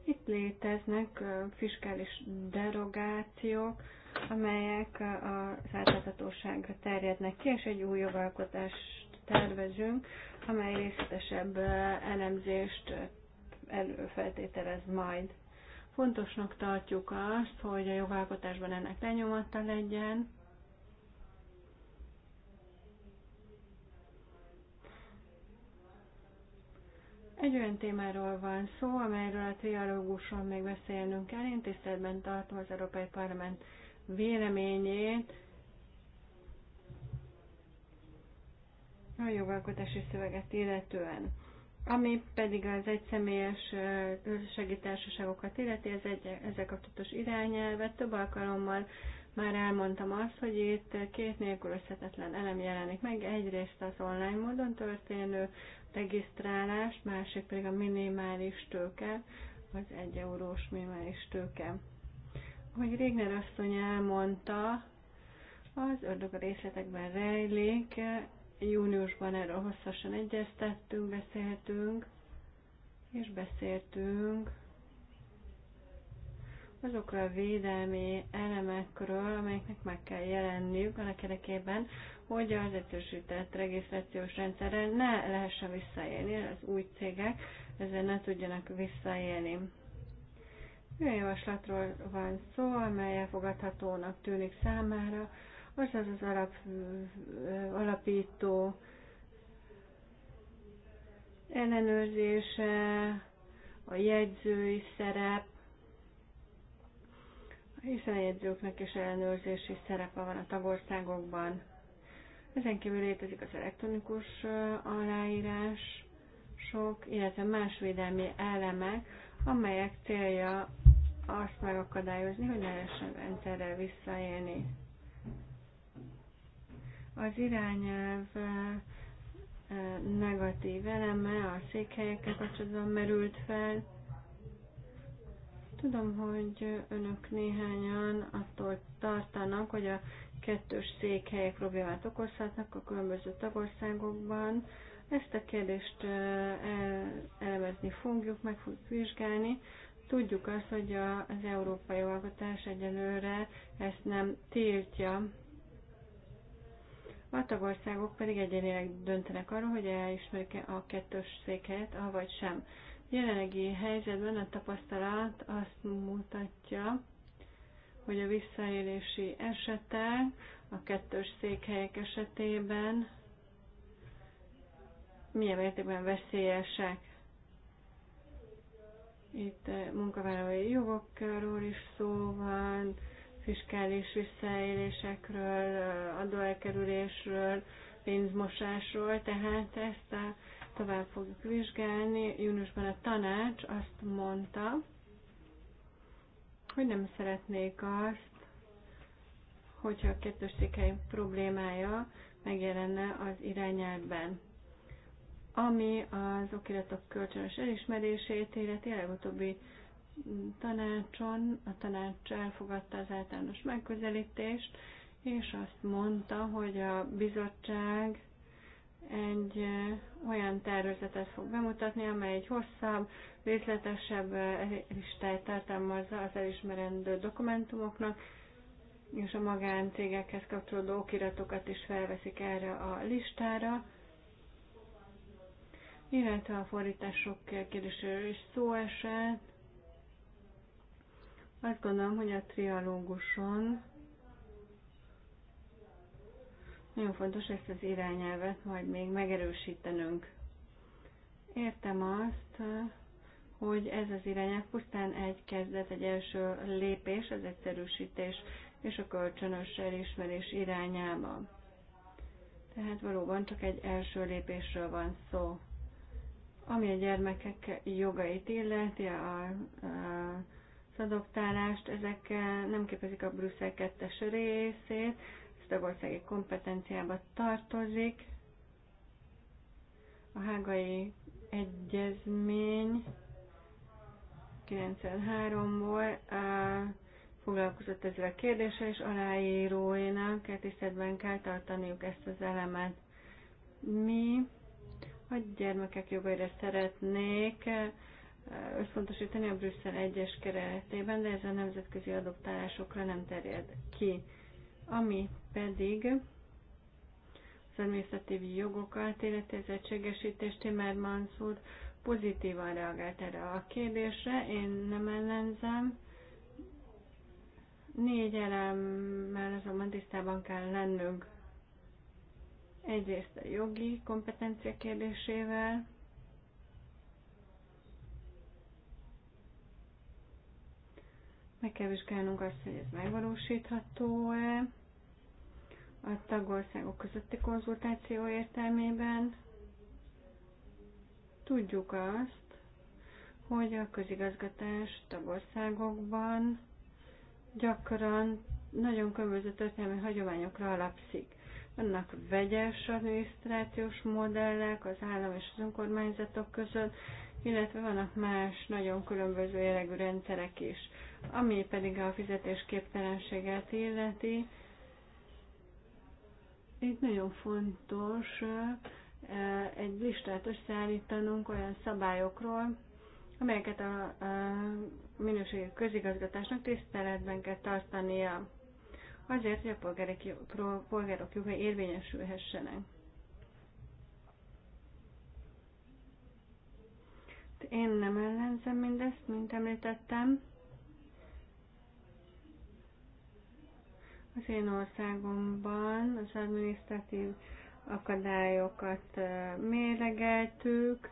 C: Itt léteznek fiskális derogációk, amelyek a átláthatóságra terjednek ki, és egy új jogalkotást tervezünk, amely részletesebb elemzést előfeltételez majd. Fontosnak tartjuk azt, hogy a jogalkotásban ennek lenyomata legyen, Egy olyan témáról van szó, amelyről a trialóguson még beszélnünk kell. Én tiszteletben tartom az Európai Parlament véleményét. A jogalkotási szöveget illetően. Ami pedig az egyszemélyes segítársaságokat illeti, ez egy, ezzel kapcsolatos irányelvet több alkalommal már elmondtam azt, hogy itt két nélkülözhetetlen elem jelenik meg, egyrészt az online módon történő regisztrálás, másik pedig a minimális tőke, az egy eurós minimális tőke. Ahogy Régner asszony elmondta, az ördög a részletekben rejlik, Júniusban erről hosszasan egyeztettünk, beszélhetünk, és beszéltünk azokról a védelmi elemekről, amelyeknek meg kell jelenniük annak érdekében, hogy az egyszerűsített regisztrációs rendszerrel ne lehessen visszaélni, az új cégek ezzel ne tudjanak visszaélni. Olyan javaslatról van szó, amely elfogadhatónak tűnik számára, most az az alap, alapító ellenőrzése, a jegyzői szerep, hiszen a jegyzőknek is ellenőrzési szerepe van a tagországokban. Ezen kívül létezik az elektronikus uh, aláírás, sok, illetve más védelmi elemek, amelyek célja azt megakadályozni, hogy ne lehessen rendszerrel visszaélni. Az irányelv negatív eleme a székhelyekkel kapcsolatban merült fel. Tudom, hogy önök néhányan attól tartanak, hogy a kettős székhelyek problémát okozhatnak a különböző tagországokban. Ezt a kérdést elemezni fogjuk, meg fogjuk vizsgálni. Tudjuk azt, hogy az európai alkotás egyelőre ezt nem tiltja, a tagországok pedig egyénileg döntenek arról, hogy elismerik-e a kettős székhelyet, avagy sem. A jelenlegi helyzetben a tapasztalat azt mutatja, hogy a visszaélési esetek a kettős székhelyek esetében milyen mértékben veszélyesek. Itt munkavállalói jogokról is szó van, fiskális visszaélésekről, adóelkerülésről, pénzmosásról, tehát ezt a, tovább fogjuk vizsgálni. Júniusban a tanács azt mondta, hogy nem szeretnék azt, hogyha a kettős székely problémája megjelenne az irányelvben. Ami az okiratok kölcsönös elismerését illeti, legutóbbi tanácson, a tanács elfogadta az általános megközelítést, és azt mondta, hogy a bizottság egy eh, olyan tervezetet fog bemutatni, amely egy hosszabb, részletesebb eh, listát tartalmazza az elismerendő dokumentumoknak, és a magáncégekhez kapcsolódó okiratokat is felveszik erre a listára, illetve a fordítások kérdéséről is szó esett, azt gondolom, hogy a trialóguson nagyon fontos ezt az irányelvet majd még megerősítenünk. Értem azt, hogy ez az irányelv pusztán egy kezdet, egy első lépés, az egyszerűsítés és a kölcsönös elismerés irányába. Tehát valóban csak egy első lépésről van szó. Ami a gyermekek jogait illeti, a, a az adoptálást, ezek eh, nem képezik a Brüsszel kettes részét, ez tagországi kompetenciába tartozik. A hágai egyezmény 93-ból eh, foglalkozott ezzel a kérdéssel, és aláíróinak tisztetben kell tartaniuk ezt az elemet. Mi a gyermekek jogaira szeretnék eh, összpontosítani a Brüsszel egyes keretében, de ez a nemzetközi adoptálásokra nem terjed ki. Ami pedig az adminisztratív jogokat, illetve az egységesítés Timár pozitívan reagált erre a kérdésre, én nem ellenzem. Négy elemmel azonban tisztában kell lennünk. Egyrészt a jogi kompetencia kérdésével, Meg kell vizsgálnunk azt, hogy ez megvalósítható-e a tagországok közötti konzultáció értelmében. Tudjuk azt, hogy a közigazgatás tagországokban gyakran nagyon különböző történelmi hagyományokra alapszik. Vannak vegyes adminisztrációs modellek az állam és az önkormányzatok között, illetve vannak más nagyon különböző jellegű rendszerek is. Ami pedig a fizetésképtelenséget illeti, itt nagyon fontos egy listát összeállítanunk olyan szabályokról, amelyeket a minőségi közigazgatásnak tiszteletben kell tartania azért, hogy a polgárok jogai érvényesülhessenek. Én nem ellenzem mindezt, mint említettem. Az én országomban az adminisztratív akadályokat méregeltük,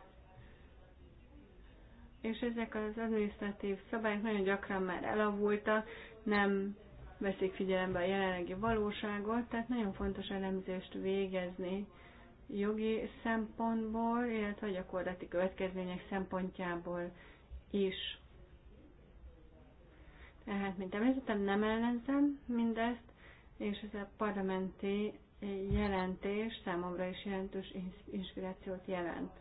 C: és ezek az adminisztratív szabályok nagyon gyakran már elavultak, nem veszik figyelembe a jelenlegi valóságot, tehát nagyon fontos elemzést végezni jogi szempontból, illetve a gyakorlati következmények szempontjából is. Tehát, mint említettem, nem ellenzem mindezt, és ez a parlamenti jelentés számomra is jelentős inspirációt jelent.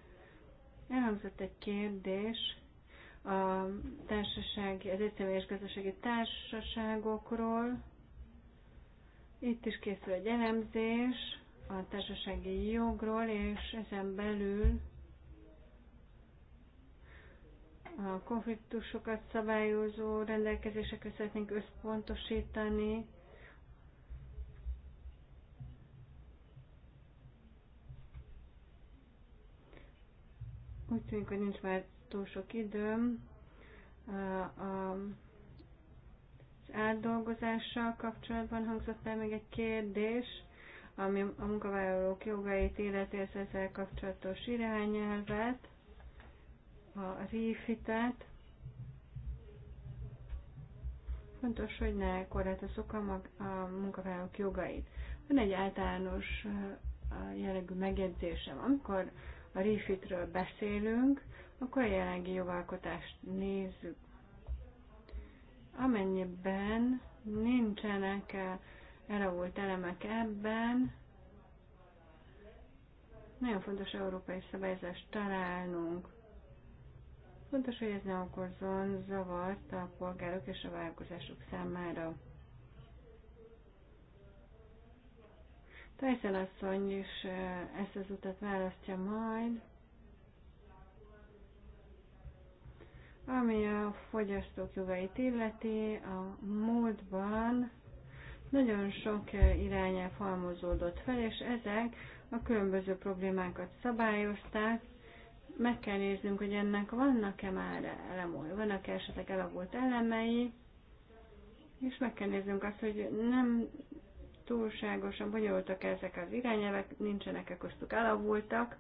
C: Elhangzott egy kérdés a társasági, az egyszemélyes gazdasági társaságokról. Itt is készül egy elemzés, a társasági jogról, és ezen belül a konfliktusokat szabályozó rendelkezésekre szeretnénk összpontosítani, úgy tűnik, hogy nincs már túl sok időm az átdolgozással kapcsolatban hangzott el még egy kérdés ami a munkavállalók jogait illeti az ezzel kapcsolatos irányelvet, a rífitet. Fontos, hogy ne korlátozzuk a, a munkavállalók jogait. Van egy általános jellegű megjegyzésem. Amikor a rífitről beszélünk, akkor a jelenlegi jogalkotást nézzük. Amennyiben nincsenek -e elavult elemek ebben. Nagyon fontos európai szabályzást találnunk. Fontos, hogy ez ne okozzon zavart a polgárok és a vállalkozások számára. Tyson asszony is ezt az utat választja majd. Ami a fogyasztók jogait illeti, a múltban nagyon sok eh, irányelv halmozódott fel, és ezek a különböző problémákat szabályozták. Meg kell néznünk, hogy ennek vannak-e már elemúj, vannak-e esetleg elavult elemei, és meg kell néznünk azt, hogy nem túlságosan bonyolultak -e ezek az irányelvek, nincsenek-e köztük elavultak.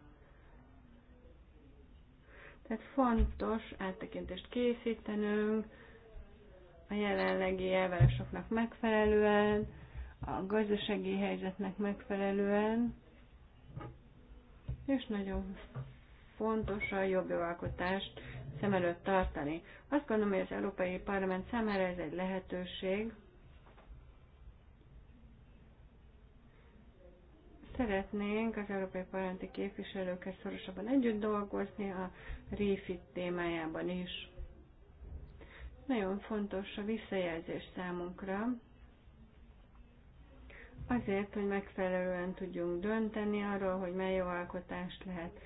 C: Tehát fontos áttekintést készítenünk, a jelenlegi elvárásoknak megfelelően, a gazdasági helyzetnek megfelelően, és nagyon fontos a jogalkotást szem előtt tartani. Azt gondolom, hogy az Európai Parlament számára ez egy lehetőség. Szeretnénk az Európai Parlamenti képviselőkkel szorosabban együtt dolgozni a RIFIT témájában is. Nagyon fontos a visszajelzés számunkra, azért, hogy megfelelően tudjunk dönteni arról, hogy mely alkotást lehet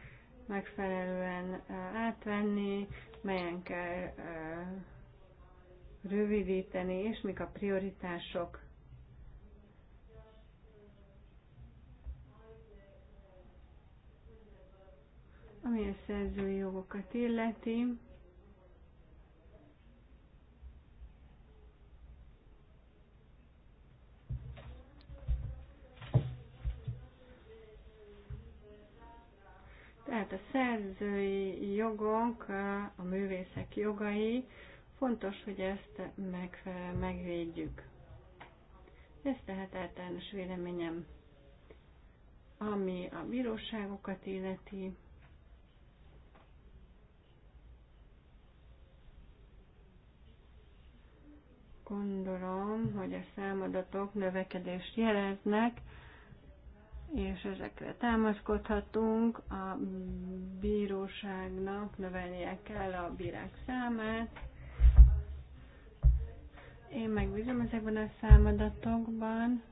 C: megfelelően átvenni, melyen kell rövidíteni, és mik a prioritások. Ami a szerzői jogokat illeti, Tehát a szerzői jogok, a művészek jogai, fontos, hogy ezt meg, megvédjük. Ez tehát általános véleményem, ami a bíróságokat illeti. Gondolom, hogy a számadatok növekedést jeleznek, és ezekre támaszkodhatunk. A bíróságnak növelnie kell a bírák számát. Én megbízom ezekben a számadatokban.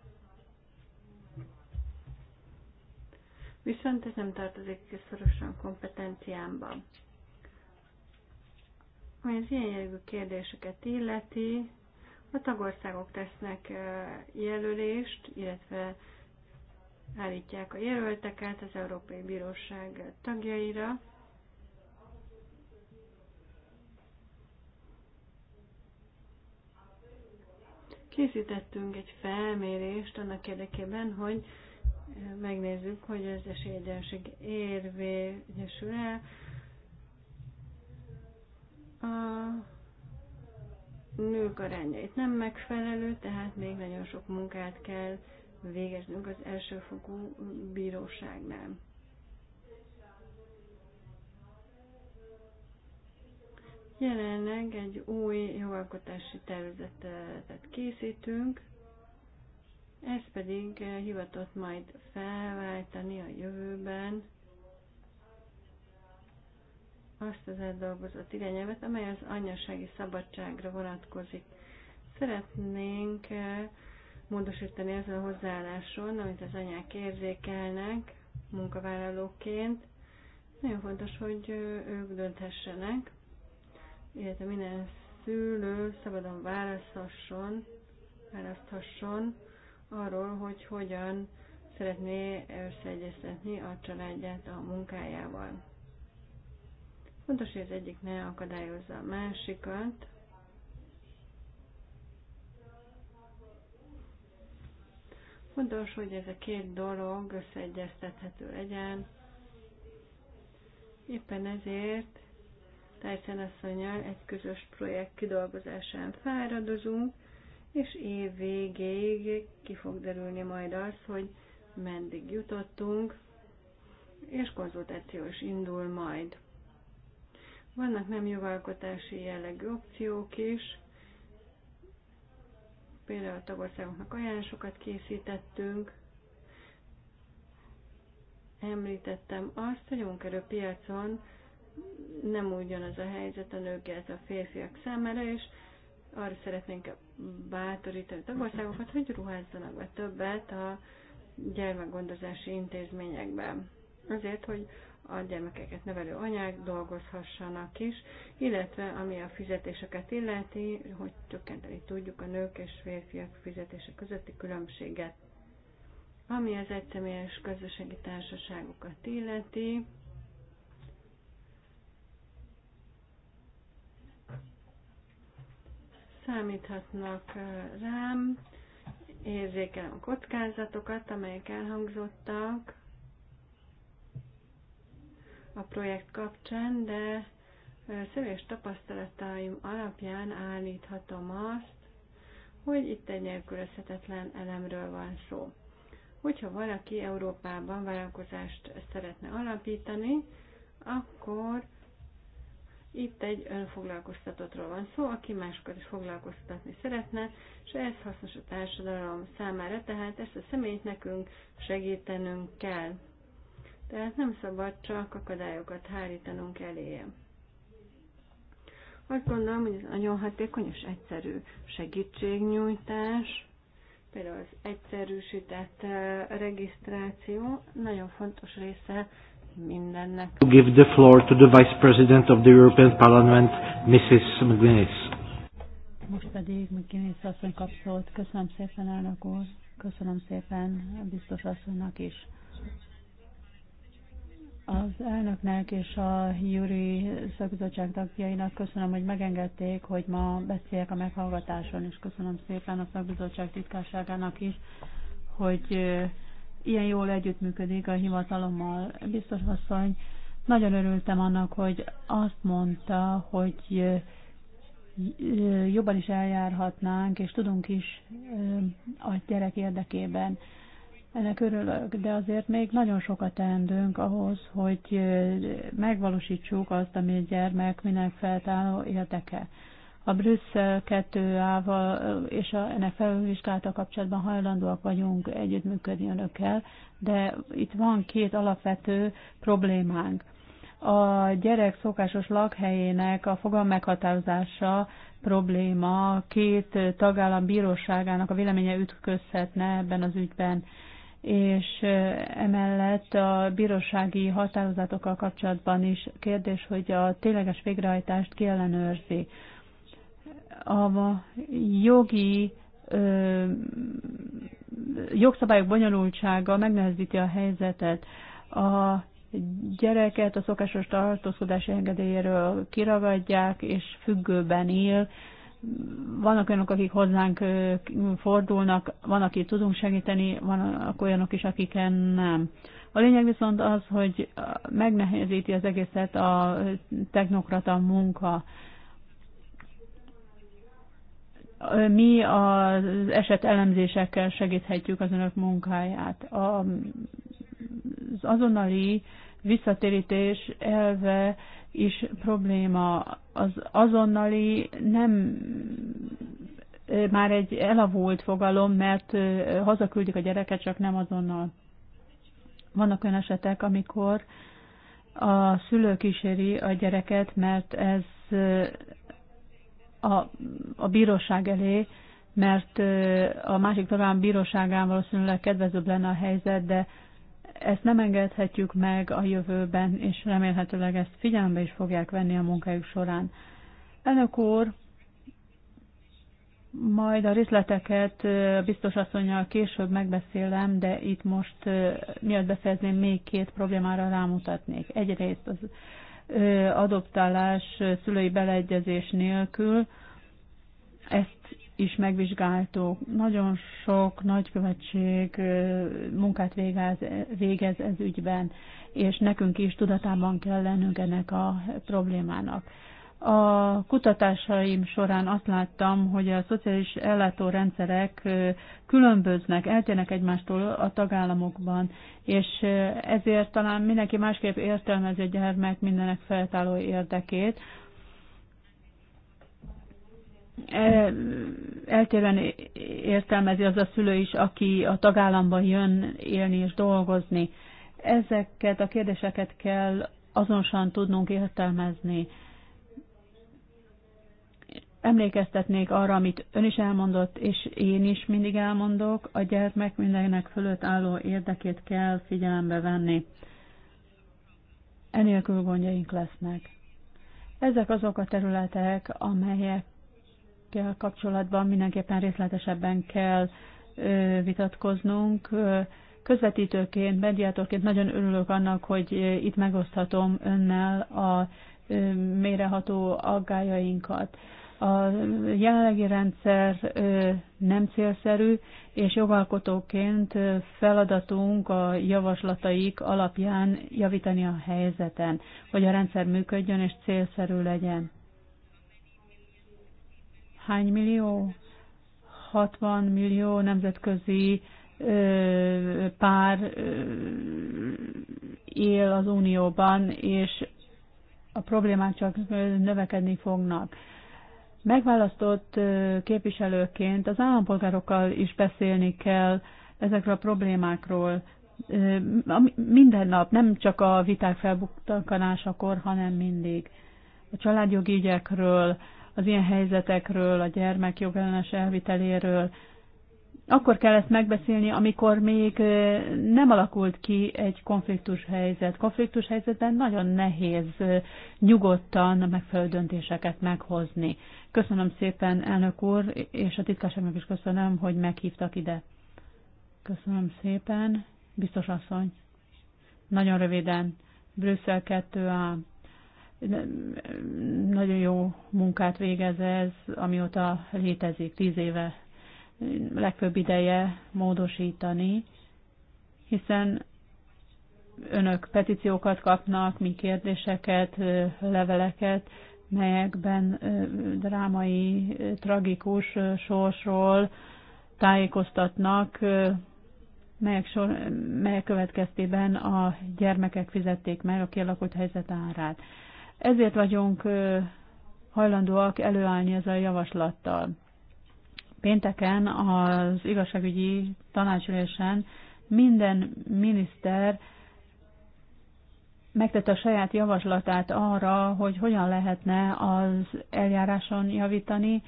C: Viszont ez nem tartozik szorosan kompetenciámba. Ami az ilyen jellegű kérdéseket illeti, a tagországok tesznek jelölést, illetve állítják a jelölteket az Európai Bíróság tagjaira. Készítettünk egy felmérést annak érdekében, hogy eh, megnézzük, hogy az esélyegyenség érvényesül-e. A nők arányait nem megfelelő, tehát még nagyon sok munkát kell végeznünk az elsőfokú bíróságnál. Jelenleg egy új jogalkotási tervezetet készítünk, ez pedig hivatott majd felváltani a jövőben azt az eldolgozott irányelvet, amely az anyasági szabadságra vonatkozik. Szeretnénk módosítani ezen a hozzáálláson, amit az anyák érzékelnek munkavállalóként. Nagyon fontos, hogy ők dönthessenek, illetve minden szülő szabadon választhasson, választhasson arról, hogy hogyan szeretné összeegyeztetni a családját a munkájával. Fontos, hogy az egyik ne akadályozza a másikat, Fontos, hogy ez a két dolog összeegyeztethető legyen. Éppen ezért Tyson asszonyjal egy közös projekt kidolgozásán fáradozunk, és év végéig ki fog derülni majd az, hogy meddig jutottunk, és konzultáció is indul majd. Vannak nem jogalkotási jellegű opciók is, például a tagországoknak ajánlásokat készítettünk. Említettem azt, hogy a munkerőpiacon nem ugyanaz a helyzet a nők, illetve a férfiak számára, és arra szeretnénk bátorítani a tagországokat, hogy ruházzanak be többet a gyermekgondozási intézményekben. Azért, hogy a gyermekeket nevelő anyák dolgozhassanak is, illetve ami a fizetéseket illeti, hogy csökkenteni tudjuk a nők és férfiak fizetése közötti különbséget. Ami az egyszemélyes közösségi társaságokat illeti, számíthatnak rám, érzékelem a kockázatokat, amelyek elhangzottak, a projekt kapcsán, de személyes tapasztalataim alapján állíthatom azt, hogy itt egy nélkülözhetetlen elemről van szó. Hogyha valaki Európában vállalkozást szeretne alapítani, akkor itt egy önfoglalkoztatottról van szó, aki másokat is foglalkoztatni szeretne, és ez hasznos a társadalom számára, tehát ezt a személyt nekünk segítenünk kell. Tehát nem szabad csak akadályokat hárítanunk eléje. Azt gondolom, hogy ez nagyon hatékony és egyszerű segítségnyújtás, például az egyszerűsített regisztráció nagyon fontos része mindennek.
A: Give the floor to the Vice President of the European Parliament, Mrs. McGuinness.
B: Most pedig McGuinness asszony kap szót. Köszönöm szépen, elnök úr. Köszönöm szépen biztos asszonynak is. Az elnöknek és a Júri szakbizottság tagjainak köszönöm, hogy megengedték, hogy ma beszéljek a meghallgatáson, és köszönöm szépen a szakbizottság titkárságának is, hogy ilyen jól együttműködik a hivatalommal. Biztos asszony, nagyon örültem annak, hogy azt mondta, hogy jobban is eljárhatnánk, és tudunk is a gyerek érdekében ennek örülök, de azért még nagyon sokat teendünk ahhoz, hogy megvalósítsuk azt, ami a gyermek minek feltálló érdeke. A Brüsszel 2-ával és a, ennek felülvizsgálata kapcsolatban hajlandóak vagyunk együttműködni önökkel, de itt van két alapvető problémánk. A gyerek szokásos lakhelyének a fogalom meghatározása probléma, két tagállam bíróságának a véleménye ütközhetne ebben az ügyben és emellett a bírósági határozatokkal kapcsolatban is kérdés, hogy a tényleges végrehajtást kiellenőrzi. A jogi ö, jogszabályok bonyolultsága megnehezíti a helyzetet. A gyereket a szokásos tartózkodási engedélyéről kiragadják, és függőben él, vannak olyanok, akik hozzánk fordulnak, van, aki tudunk segíteni, vannak olyanok is, akiken nem. A lényeg viszont az, hogy megnehezíti az egészet a technokrata munka. Mi az eset elemzésekkel segíthetjük az önök munkáját. Az azonnali visszatérítés elve is probléma. Az azonnali nem már egy elavult fogalom, mert hazaküldik a gyereket, csak nem azonnal. Vannak olyan esetek, amikor a szülő kíséri a gyereket, mert ez a, a bíróság elé, mert a másik tagállam bíróságán valószínűleg kedvezőbb lenne a helyzet, de ezt nem engedhetjük meg a jövőben, és remélhetőleg ezt figyelembe is fogják venni a munkájuk során. Elnök úr, majd a részleteket biztos asszonyjal később megbeszélem, de itt most miatt befejezném még két problémára rámutatnék. Egyrészt az adoptálás szülői beleegyezés nélkül, ezt is megvizsgáltuk. Nagyon sok nagykövetség munkát végez, végez ez ügyben, és nekünk is tudatában kell lennünk ennek a problémának. A kutatásaim során azt láttam, hogy a szociális ellátórendszerek különböznek, eltérnek egymástól a tagállamokban, és ezért talán mindenki másképp értelmezi a gyermek mindenek feltáló érdekét eltérően értelmezi az a szülő is, aki a tagállamban jön élni és dolgozni. Ezeket a kérdéseket kell azonosan tudnunk értelmezni. Emlékeztetnék arra, amit ön is elmondott, és én is mindig elmondok, a gyermek mindennek fölött álló érdekét kell figyelembe venni. Enélkül gondjaink lesznek. Ezek azok a területek, amelyek ezekkel kapcsolatban mindenképpen részletesebben kell vitatkoznunk. Közvetítőként, mediátorként nagyon örülök annak, hogy itt megoszthatom önnel a méreható aggájainkat. A jelenlegi rendszer nem célszerű, és jogalkotóként feladatunk a javaslataik alapján javítani a helyzeten, hogy a rendszer működjön és célszerű legyen hány millió? 60 millió nemzetközi pár él az Unióban, és a problémák csak növekedni fognak. Megválasztott képviselőként az állampolgárokkal is beszélni kell ezekről a problémákról. Minden nap, nem csak a viták felbukkanásakor, hanem mindig. A családjogi ügyekről, az ilyen helyzetekről, a gyermek jogellenes elviteléről. Akkor kell ezt megbeszélni, amikor még nem alakult ki egy konfliktus helyzet. Konfliktus helyzetben nagyon nehéz nyugodtan megfelelő döntéseket meghozni. Köszönöm szépen, elnök úr, és a titkárságnak is köszönöm, hogy meghívtak ide. Köszönöm szépen, biztos asszony. Nagyon röviden, Brüsszel 2A nagyon jó munkát végez ez, amióta létezik, tíz éve legfőbb ideje módosítani, hiszen önök petíciókat kapnak, mi kérdéseket, leveleket, melyekben drámai, tragikus sorsról tájékoztatnak, melyek, sor, melyek következtében a gyermekek fizették meg a kialakult helyzet árát. Ezért vagyunk hajlandóak előállni ezzel a javaslattal. Pénteken az igazságügyi tanácsülésen minden miniszter megtette a saját javaslatát arra, hogy hogyan lehetne az eljáráson javítani,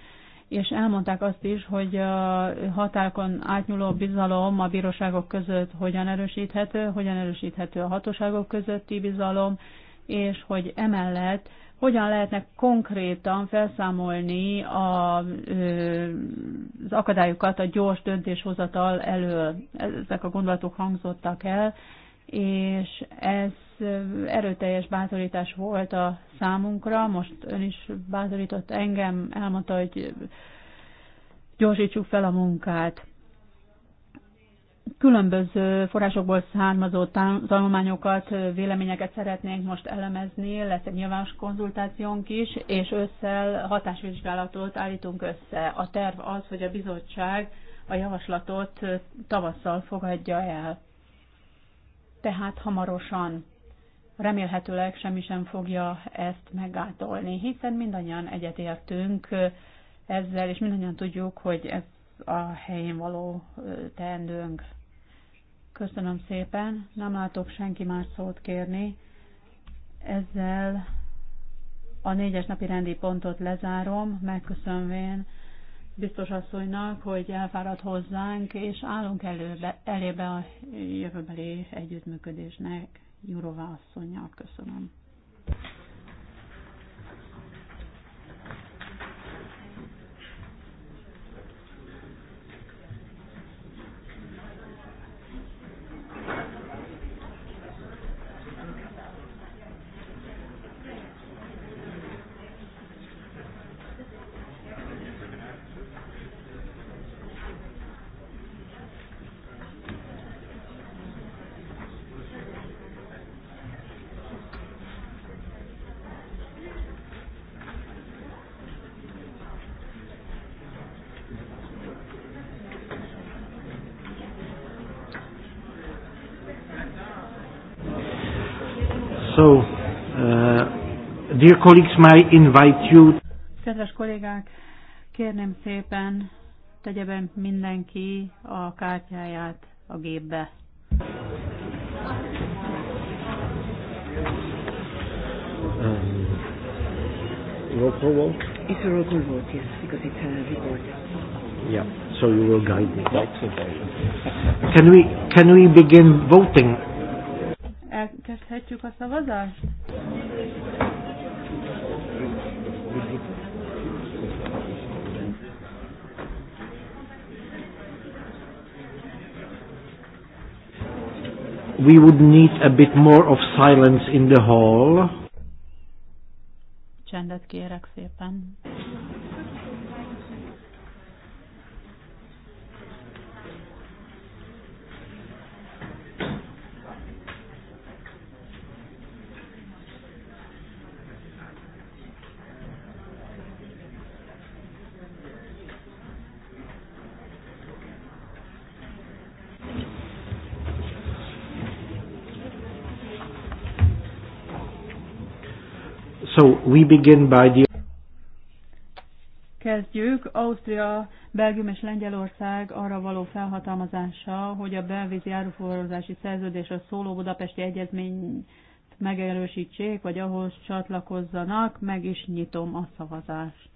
B: és elmondták azt is, hogy a határokon átnyúló bizalom a bíróságok között hogyan erősíthető, hogyan erősíthető a hatóságok közötti bizalom, és hogy emellett hogyan lehetne konkrétan felszámolni a, az akadályokat a gyors döntéshozatal elől. Ezek a gondolatok hangzottak el, és ez erőteljes bátorítás volt a számunkra. Most ön is bátorított engem, elmondta, hogy gyorsítsuk fel a munkát különböző forrásokból származó tanulmányokat, véleményeket szeretnénk most elemezni, lesz egy nyilvános konzultációnk is, és összel hatásvizsgálatot állítunk össze. A terv az, hogy a bizottság a javaslatot tavasszal fogadja el. Tehát hamarosan. Remélhetőleg semmi sem fogja ezt meggátolni, hiszen mindannyian egyetértünk ezzel, és mindannyian tudjuk, hogy ez a helyén való teendőnk. Köszönöm szépen, nem látok senki más szót kérni. Ezzel a négyes napi rendi pontot lezárom, megköszönvén biztos asszonynak, hogy elfáradt hozzánk, és állunk előbe, elébe a jövőbeli együttműködésnek. Jurova asszonynal köszönöm.
A: So, uh, dear colleagues, may invite you.
B: Kedves kollégák, kérném szépen, tegye be mindenki a kártyáját a gépbe.
A: Yeah, so you will guide me. Can we can we begin voting?
E: kezdhetjük a szavazást?
A: We would need a bit more of
B: silence in the hall. Csendet kérek szépen.
A: So we begin by the...
B: Kezdjük Ausztria, Belgium és Lengyelország arra való felhatalmazása, hogy a belvízi áruforrózási a szóló budapesti egyezményt megerősítsék, vagy ahhoz csatlakozzanak, meg is nyitom a szavazást.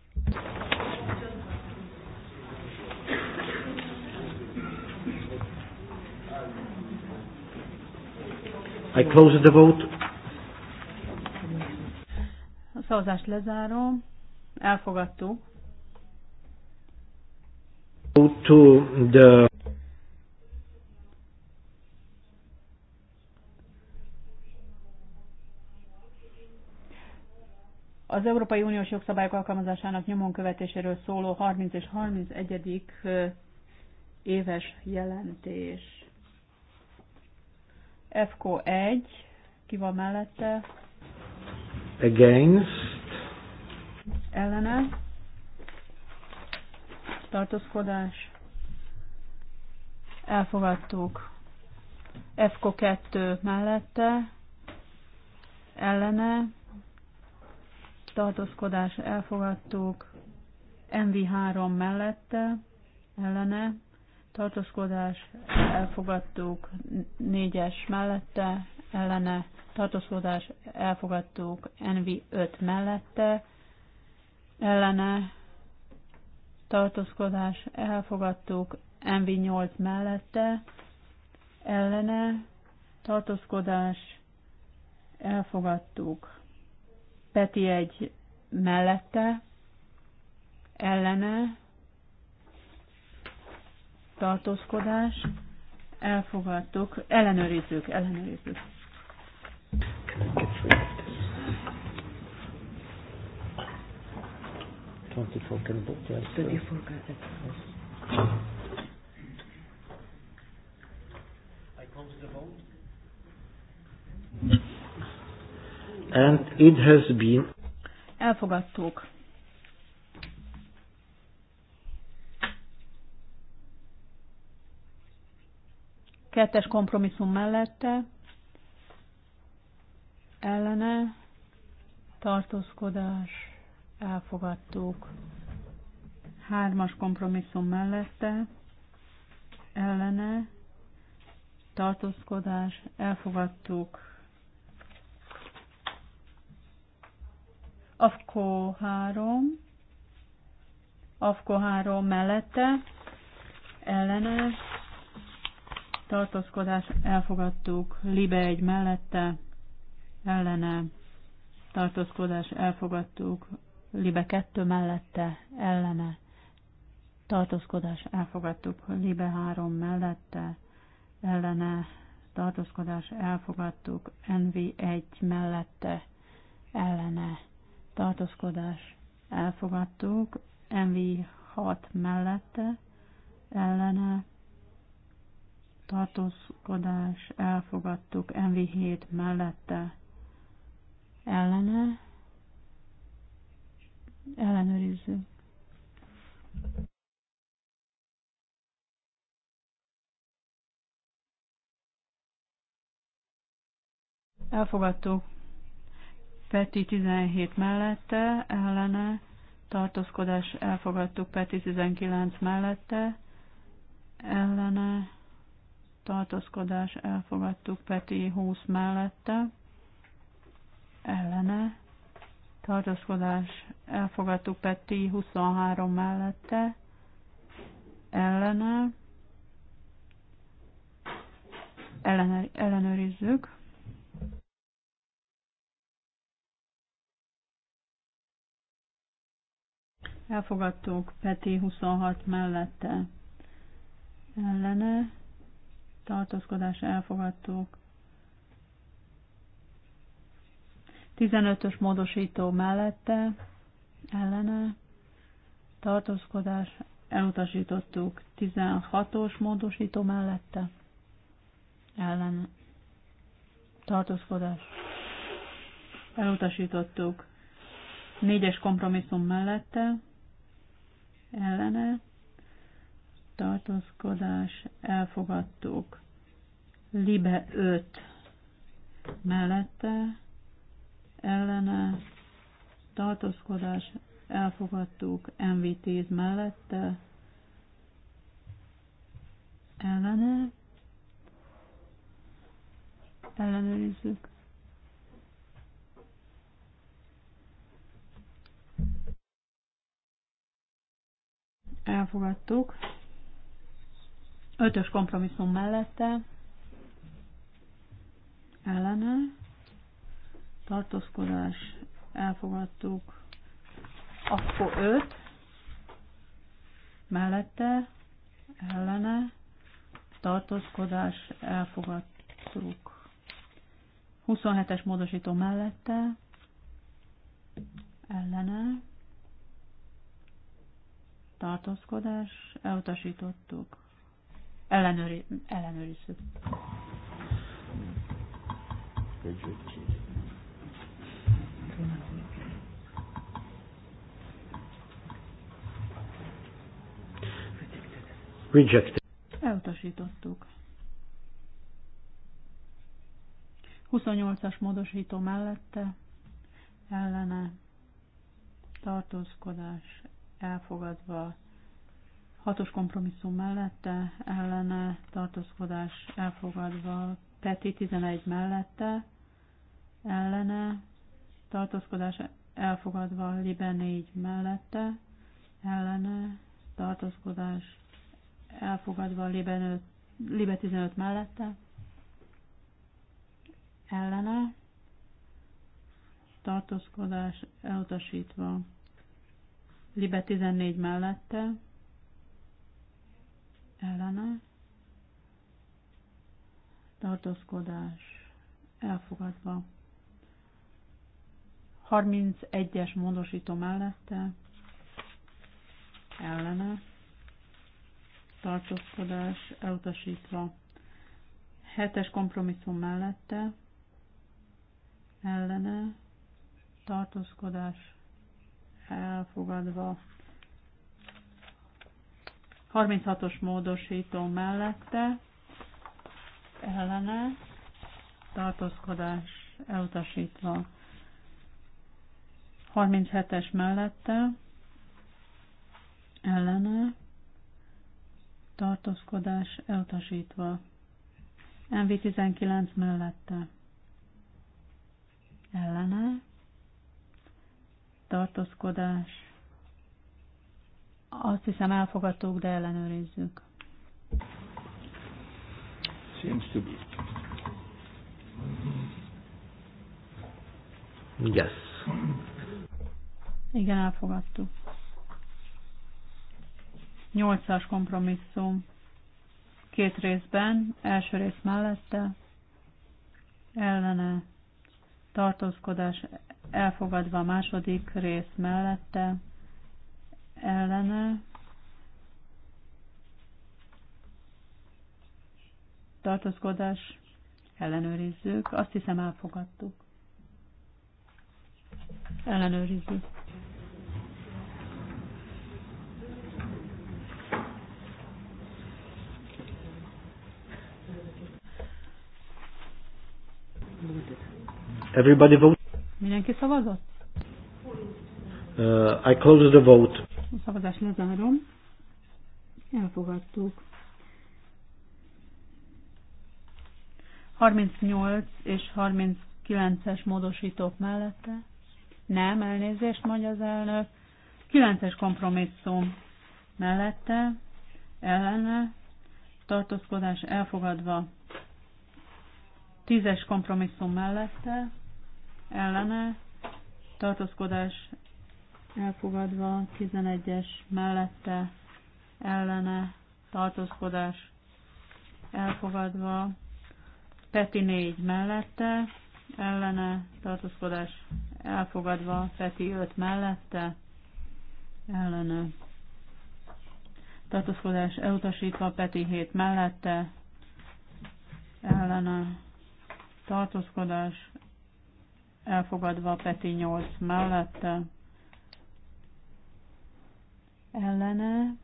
A: I close the vote.
B: Szavazást lezárom. Elfogadtuk.
A: To the...
B: Az Európai Uniós jogszabályok alkalmazásának nyomon követéséről szóló 30 és 31. éves jelentés. FK1, ki van mellette?
A: against,
B: ellene, tartózkodás, elfogadtuk, FKO 2 mellette, ellene, tartózkodás, elfogadtuk, MV3 mellette, ellene, tartózkodás, elfogadtuk, 4-es mellette, ellene tartózkodás elfogadtuk NV5 mellette, ellene tartózkodás elfogadtuk NV8 mellette, ellene tartózkodás elfogadtuk Peti egy mellette, ellene tartózkodás elfogadtuk, ellenőrizzük, ellenőrizzük.
E: 24 can book the 24 can yes.
B: I
A: the And it has been
B: Elfogadtuk. Kettes kompromisszum mellette ellene tartózkodás elfogadtuk. Hármas kompromisszum mellette, ellene, tartózkodás, elfogadtuk. Afko 3, Afko 3 mellette, ellene, tartózkodás, elfogadtuk. Libe 1 mellette, ellene, tartózkodás, elfogadtuk. Libe 2 mellette, ellene, tartózkodás elfogadtuk. Libe 3 mellette, ellene, tartózkodás elfogadtuk. NV1 mellette, ellene, tartózkodás elfogadtuk. NV6 mellette, ellene, tartózkodás elfogadtuk. NV7 mellette, ellene,
E: ellenőrizzük.
B: Elfogadtuk. Peti 17 mellette, ellene, tartózkodás elfogadtuk Peti 19 mellette, ellene, tartózkodás elfogadtuk Peti 20 mellette, ellene, tartózkodás elfogadtuk Peti 23 mellette, ellene, ellene ellenőrizzük. Elfogadtuk Peti 26 mellette, ellene, tartózkodás elfogadtuk 15-ös módosító mellette ellene tartózkodás elutasítottuk 16-os módosító mellette ellene, tartózkodás elutasítottuk 4-es kompromisszum mellette ellene tartózkodás elfogadtuk libe 5 mellette ellene tartózkodás elfogadtuk MV10 mellette ellene ellenőrizzük elfogadtuk ötös kompromisszum mellette ellene tartózkodás, elfogadtuk. Akkor öt mellette, ellene, tartózkodás, elfogadtuk. 27-es módosító mellette, ellene, tartózkodás, elutasítottuk. Ellenőri, ellenőrizzük.
E: Köszönjük.
A: Rejected.
B: Elutasítottuk. 28-as módosító mellette ellene tartózkodás elfogadva, hatos kompromisszum mellette ellene tartózkodás elfogadva, Peti 11 mellette ellene tartózkodás elfogadva, Libe 4 mellette ellene tartózkodás elfogadva a Libe, Libe 15 mellette, ellene, tartózkodás elutasítva, Libe 14 mellette, ellene, tartózkodás elfogadva, 31-es módosító mellette, ellene, tartózkodás elutasítva. Hetes kompromisszum mellette ellene tartózkodás elfogadva. 36-os módosító mellette ellene tartózkodás elutasítva. 37-es mellette ellene tartózkodás elutasítva. MV19 mellette ellene tartózkodás. Azt hiszem elfogadtuk, de ellenőrizzük.
E: Seems to be. Yes.
B: Igen, elfogadtuk. Nyolcas kompromisszum két részben, első rész mellette, ellene tartózkodás elfogadva a második rész mellette, ellene tartózkodás ellenőrizzük. Azt hiszem elfogadtuk. Ellenőrizzük.
A: Everybody vote.
B: Mindenki szavazott?
A: Uh, I close the
B: vote. A szavazást lezárom. Elfogadtuk. 38 és 39-es módosítók mellette. Nem, elnézést mondja az elnök. 9-es kompromisszum mellette, ellene, tartózkodás elfogadva. 10-es kompromisszum mellette, ellene, tartózkodás elfogadva, 11-es mellette, ellene, tartózkodás elfogadva, Peti 4 mellette, ellene, tartózkodás elfogadva, Peti 5 mellette, ellene, tartózkodás elutasítva, Peti 7 mellette, ellene, tartózkodás elfogadva a Peti 8 mellette, ellene,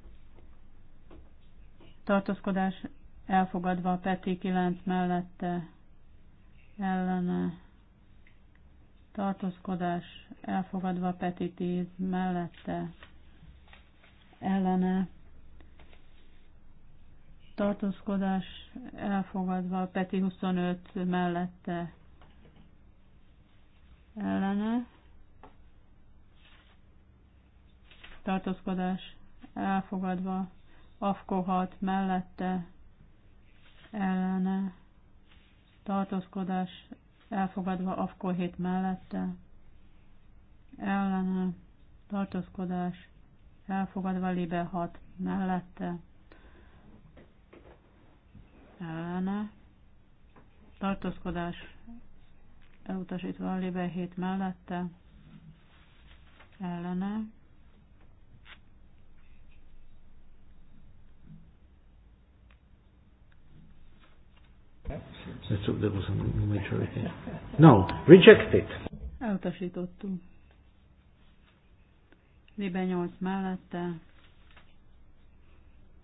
B: tartózkodás elfogadva a Peti 9 mellette, ellene, tartózkodás elfogadva a Peti 10 mellette, ellene, tartózkodás elfogadva a Peti 25 mellette, ellene tartózkodás elfogadva, afkohat mellette ellene tartózkodás elfogadva, afkohét mellette ellene tartózkodás elfogadva, LIBE mellette ellene tartózkodás elutasítva a Libe 7 mellette, ellene,
E: That's what there was a majority. No,
A: rejected.
B: Elutasítottuk. Libe 8 mellette,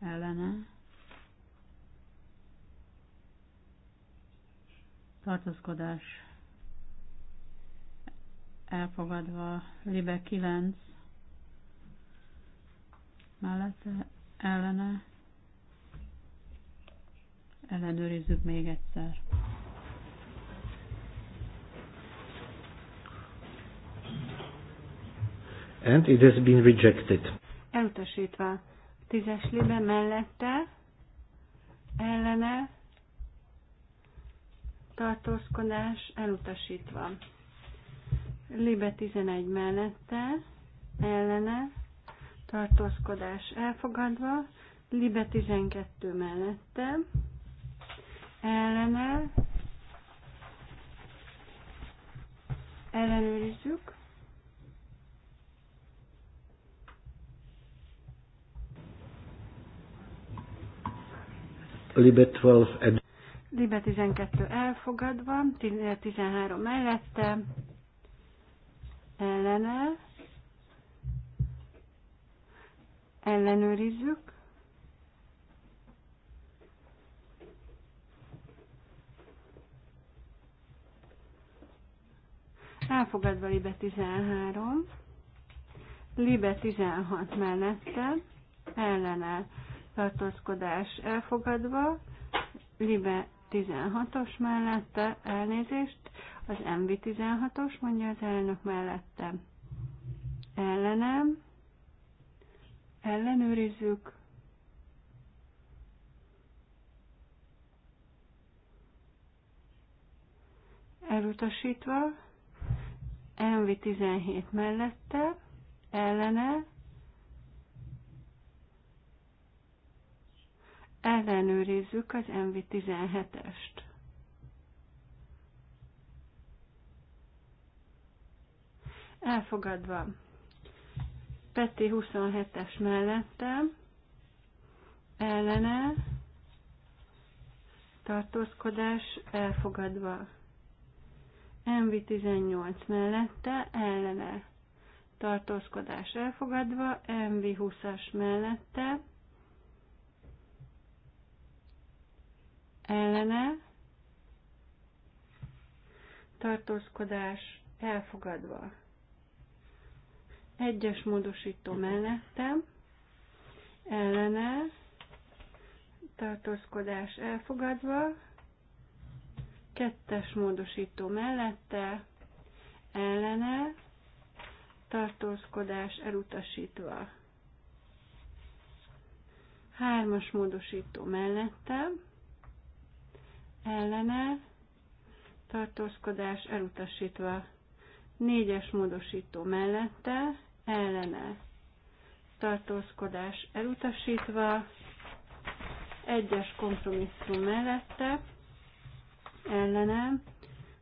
B: ellene, tartózkodás elfogadva Libe 9 mellette ellene ellenőrizzük még egyszer.
A: And it has been rejected.
C: Elutasítva. Tízes libe mellette, ellene, tartózkodás elutasítva. Libe 11 mellette, ellene, tartózkodás elfogadva, Libe 12 mellette, ellene, ellenőrizzük,
A: Libe 12
C: Libe 12 elfogadva, 13 mellette, ellene, ellenőrizzük, Elfogadva Libe 13, Libe 16 mellette, ellene tartózkodás elfogadva, Libe 16-os mellette elnézést, az MV16-os, mondja az elnök mellettem. Ellenem. Ellenőrizzük. Elutasítva. MV17 mellette. Ellene. Ellenőrizzük az MV17-est. elfogadva. Peti 27-es mellettem ellene, tartózkodás elfogadva. MV18 mellette, ellene, tartózkodás elfogadva, MV20-as mellette, ellene, tartózkodás elfogadva. Egyes módosító mellettem, ellene, tartózkodás elfogadva, kettes módosító mellette, ellene, tartózkodás elutasítva. Hármas módosító mellette, ellene, tartózkodás elutasítva. Négyes módosító mellette, ellene tartózkodás elutasítva, egyes kompromisszum mellette ellene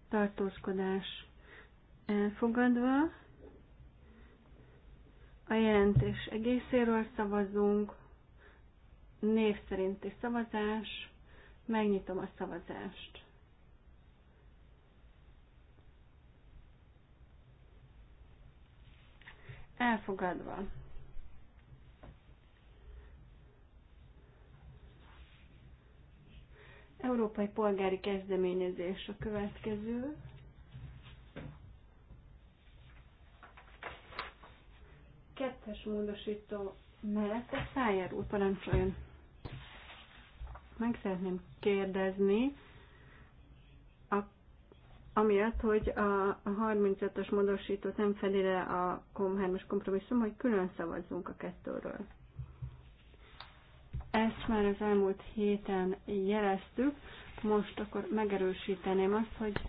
C: tartózkodás elfogadva, a jelentés egészéről szavazunk, név szerinti szavazás, megnyitom a szavazást. Elfogadva. Európai polgári kezdeményezés a következő. Kettes módosító mellett a szájáról parancsoljon. Meg szeretném kérdezni, amiatt, hogy a 35-ös módosítót nem fedi le a kom 3-as kompromisszum, hogy külön szavazzunk a kettőről. Ezt már az elmúlt héten jeleztük, most akkor megerősíteném azt, hogy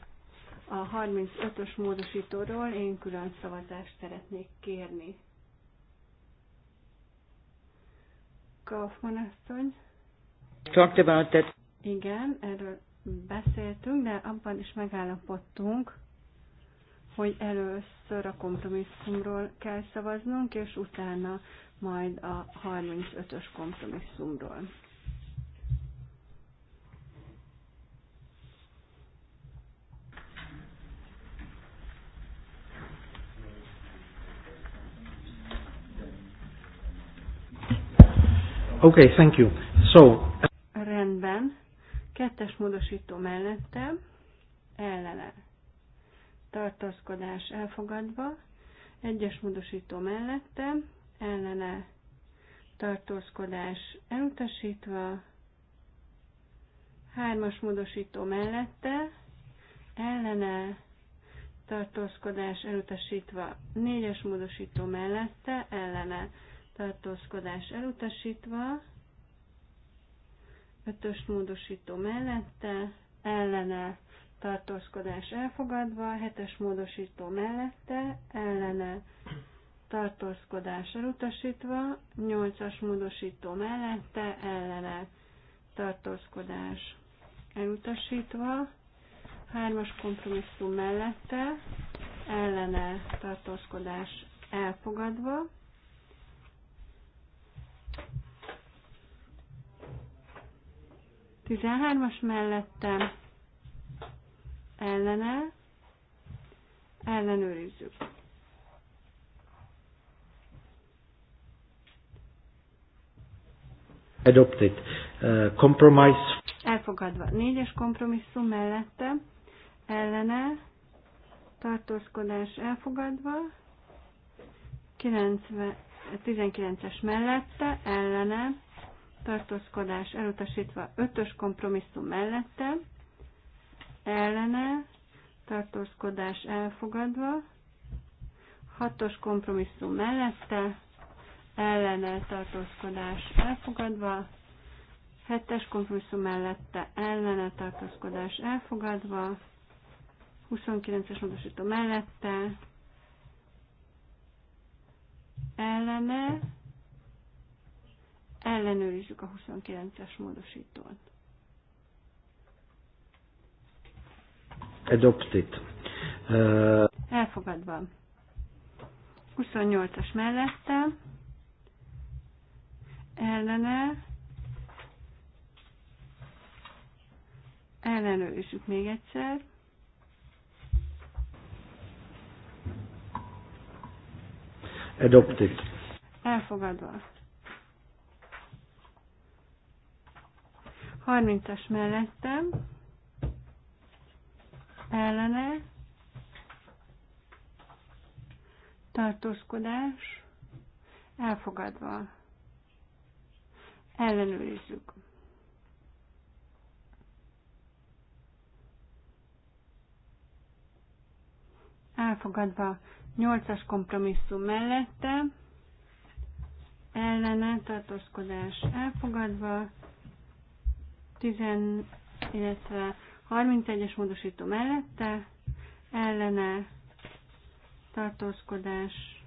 C: a 35-ös módosítóról én külön szavazást szeretnék kérni. Kaufmann asszony.
E: Talked about that.
C: Igen, erről beszéltünk, de abban is megállapodtunk, hogy először a kompromisszumról kell szavaznunk, és utána majd a 35-ös kompromisszumról.
A: Okay, thank you. So, uh,
C: Rendben. Kettes módosító mellette ellene tartózkodás elfogadva, egyes módosító mellette ellene tartózkodás elutasítva, hármas módosító mellette ellene tartózkodás elutasítva, négyes módosító mellette ellene tartózkodás elutasítva, Ötös módosító mellette, ellene tartózkodás elfogadva, hetes módosító mellette, ellene tartózkodás elutasítva, nyolcas módosító mellette, ellene tartózkodás elutasítva, hármas kompromisszum mellette, ellene tartózkodás elfogadva, 13-as mellettem ellene ellenőrizzük.
A: Adopted. Uh, compromise.
C: Elfogadva. Négyes kompromisszum mellette ellene tartózkodás elfogadva. 90, 19-es mellette ellene tartózkodás elutasítva ötös kompromisszum mellette, ellene, tartózkodás elfogadva, hatos kompromisszum mellette, ellene, tartózkodás elfogadva, hetes kompromisszum mellette, ellene, tartózkodás elfogadva, 29-es módosító mellette, ellene, Ellenőrizzük a 29-es módosítót.
A: Adopted. Uh...
C: Elfogadva. 28-as mellette. Ellene. Ellenőrizzük még egyszer.
A: Adopted.
C: Elfogadva. 30-as mellettem, ellene, tartózkodás, elfogadva, ellenőrizzük. Elfogadva 8-as kompromisszum mellette, ellene tartózkodás elfogadva, 10, illetve 31-es módosító mellette, ellene tartózkodás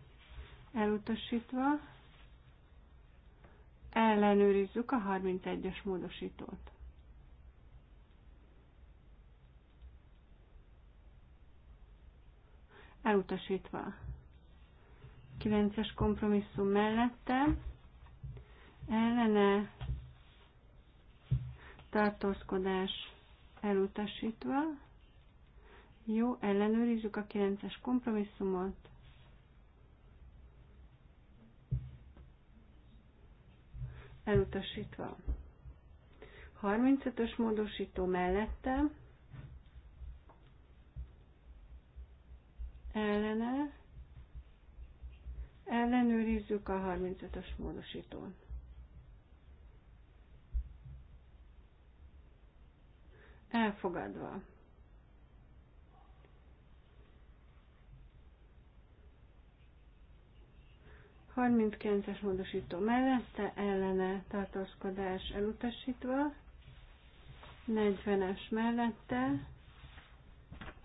C: elutasítva, ellenőrizzük a 31-es módosítót. Elutasítva. 9-es kompromisszum mellette ellene tartózkodás elutasítva. Jó, ellenőrizzük a 9-es kompromisszumot. Elutasítva. 35-ös módosító mellette. Ellene. Ellenőrizzük a 35-ös módosítót. elfogadva. es módosító mellette ellene tartózkodás elutasítva, 40-es mellette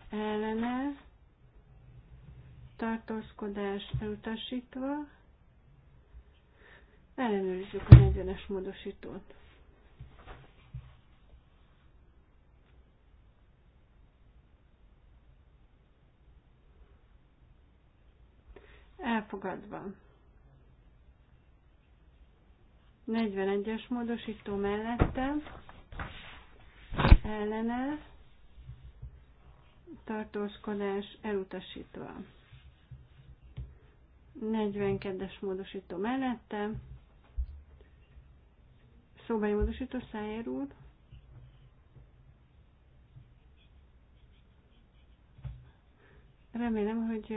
C: ellene tartózkodás elutasítva, ellenőrizzük a 40-es módosítót. elfogadva. 41-es módosító mellette ellene tartózkodás elutasítva. 42-es módosító mellette szóbeli módosító szájér úr Remélem, hogy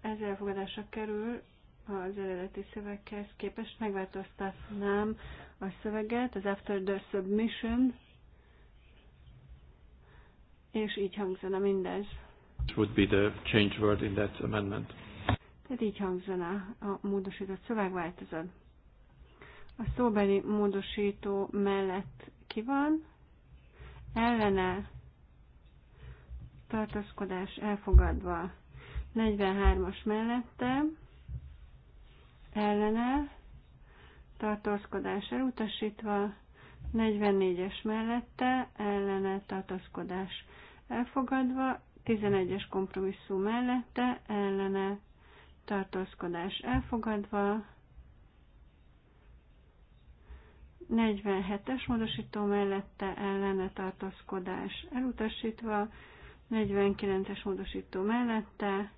C: ez elfogadásra kerül az eredeti szöveghez képest. Megváltoztatnám a szöveget, az after the submission, és így hangzana mindez.
A: Would be the change word in that amendment.
C: Tehát így hangzana a módosított szövegváltozat. A szóbeli módosító mellett ki van, ellene tartózkodás elfogadva. 43-as mellette ellene tartózkodás elutasítva, 44-es mellette ellene tartózkodás elfogadva, 11-es kompromisszum mellette ellene tartózkodás elfogadva, 47-es módosító mellette ellene tartózkodás elutasítva, 49-es módosító mellette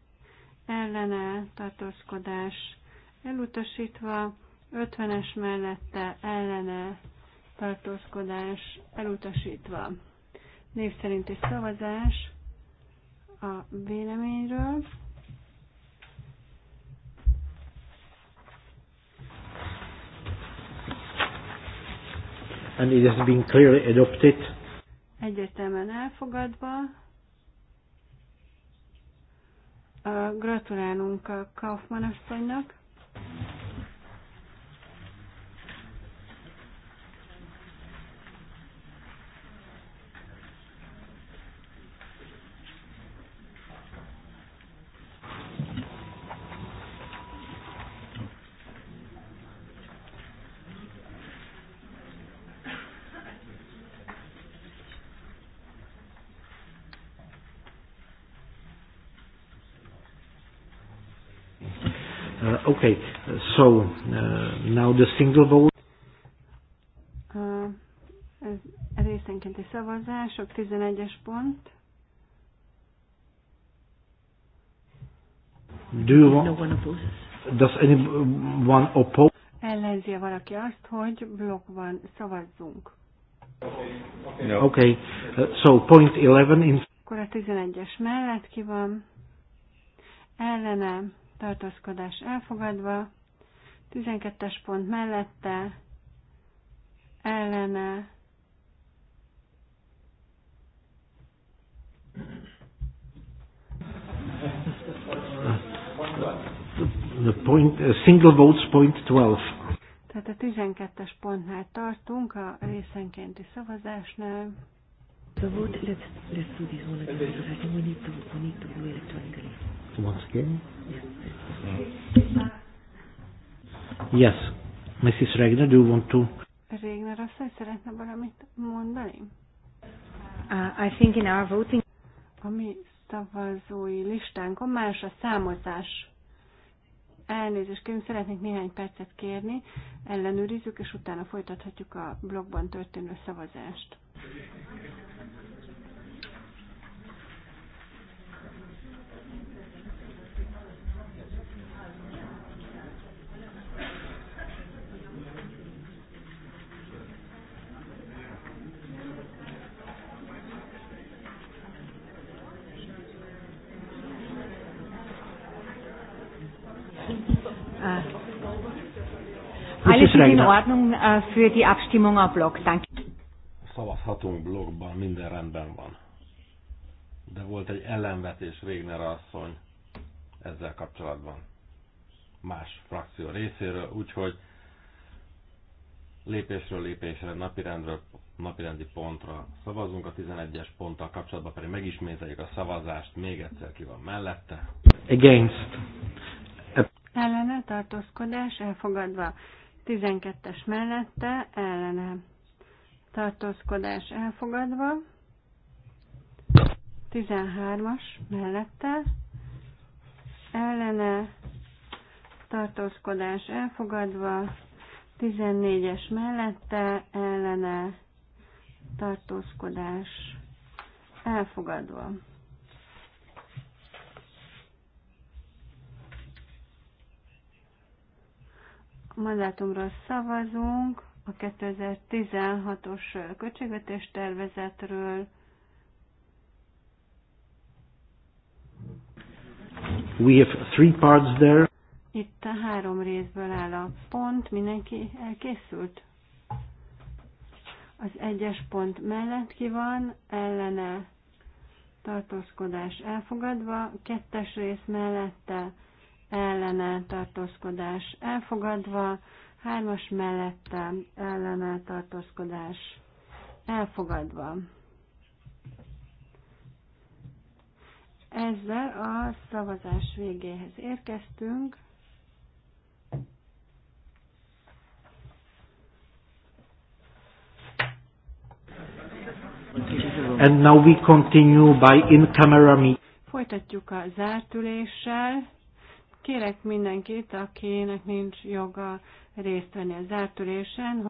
C: ellene tartózkodás elutasítva, 50-es mellette ellene tartózkodás elutasítva. Név szerinti szavazás a véleményről.
A: And it has been clearly adopted.
C: Egyértelműen elfogadva. Gratulálunk a Kaufmann asszonynak.
A: the single vote.
C: részenkénti szavazások, 11-es pont.
A: Do you want, no one opposes. Does anyone oppose?
C: ellenzi -e valaki azt, hogy blokkban szavazzunk. No.
A: Okay. So point 11 in...
C: Akkor a 11-es mellett ki van. Ellene tartózkodás elfogadva. 12-es pont mellette, ellene,
A: The point, uh, single votes point 12.
C: Tehát a 12-es pontnál tartunk, a részenkénti szavazásnál. The vote, let's, let's do this one again, because I think we need to, we need to do electronically.
A: Once again? Yeah. Yes, Mrs. Regner, do you want to?
C: Regner asszony szeretne valamit mondani? Uh, I think in our voting... A mi szavazói listánkon más a számozás. Elnézést kérünk, szeretnék néhány percet kérni, ellenőrizzük, és utána folytathatjuk a blogban történő szavazást. in Ordnung für die Abstimmung a blog. Danke.
D: Szavazhatunk blogban, minden rendben van. De volt egy ellenvetés Régner asszony ezzel kapcsolatban más frakció részéről, úgyhogy lépésről lépésre, napirendről, napirendi pontra szavazunk, a 11-es ponttal kapcsolatban pedig megismételjük a szavazást, még egyszer ki van mellette.
A: Against.
C: Ellene tartózkodás elfogadva. 12-es mellette ellene tartózkodás elfogadva, 13-as mellette ellene tartózkodás elfogadva, 14-es mellette ellene tartózkodás elfogadva. A mandátumról szavazunk, a 2016-os költségvetés tervezetről.
A: We have three parts there.
C: Itt a három részből áll a pont, mindenki elkészült. Az egyes pont mellett ki van, ellene tartózkodás elfogadva, kettes rész mellette ellene tartózkodás elfogadva, hármas mellette ellene tartózkodás elfogadva. Ezzel a szavazás végéhez érkeztünk.
A: And now we continue by in-camera meeting.
C: Folytatjuk a zártüléssel. Kérek mindenkit, akinek nincs joga részt venni a zártülésen,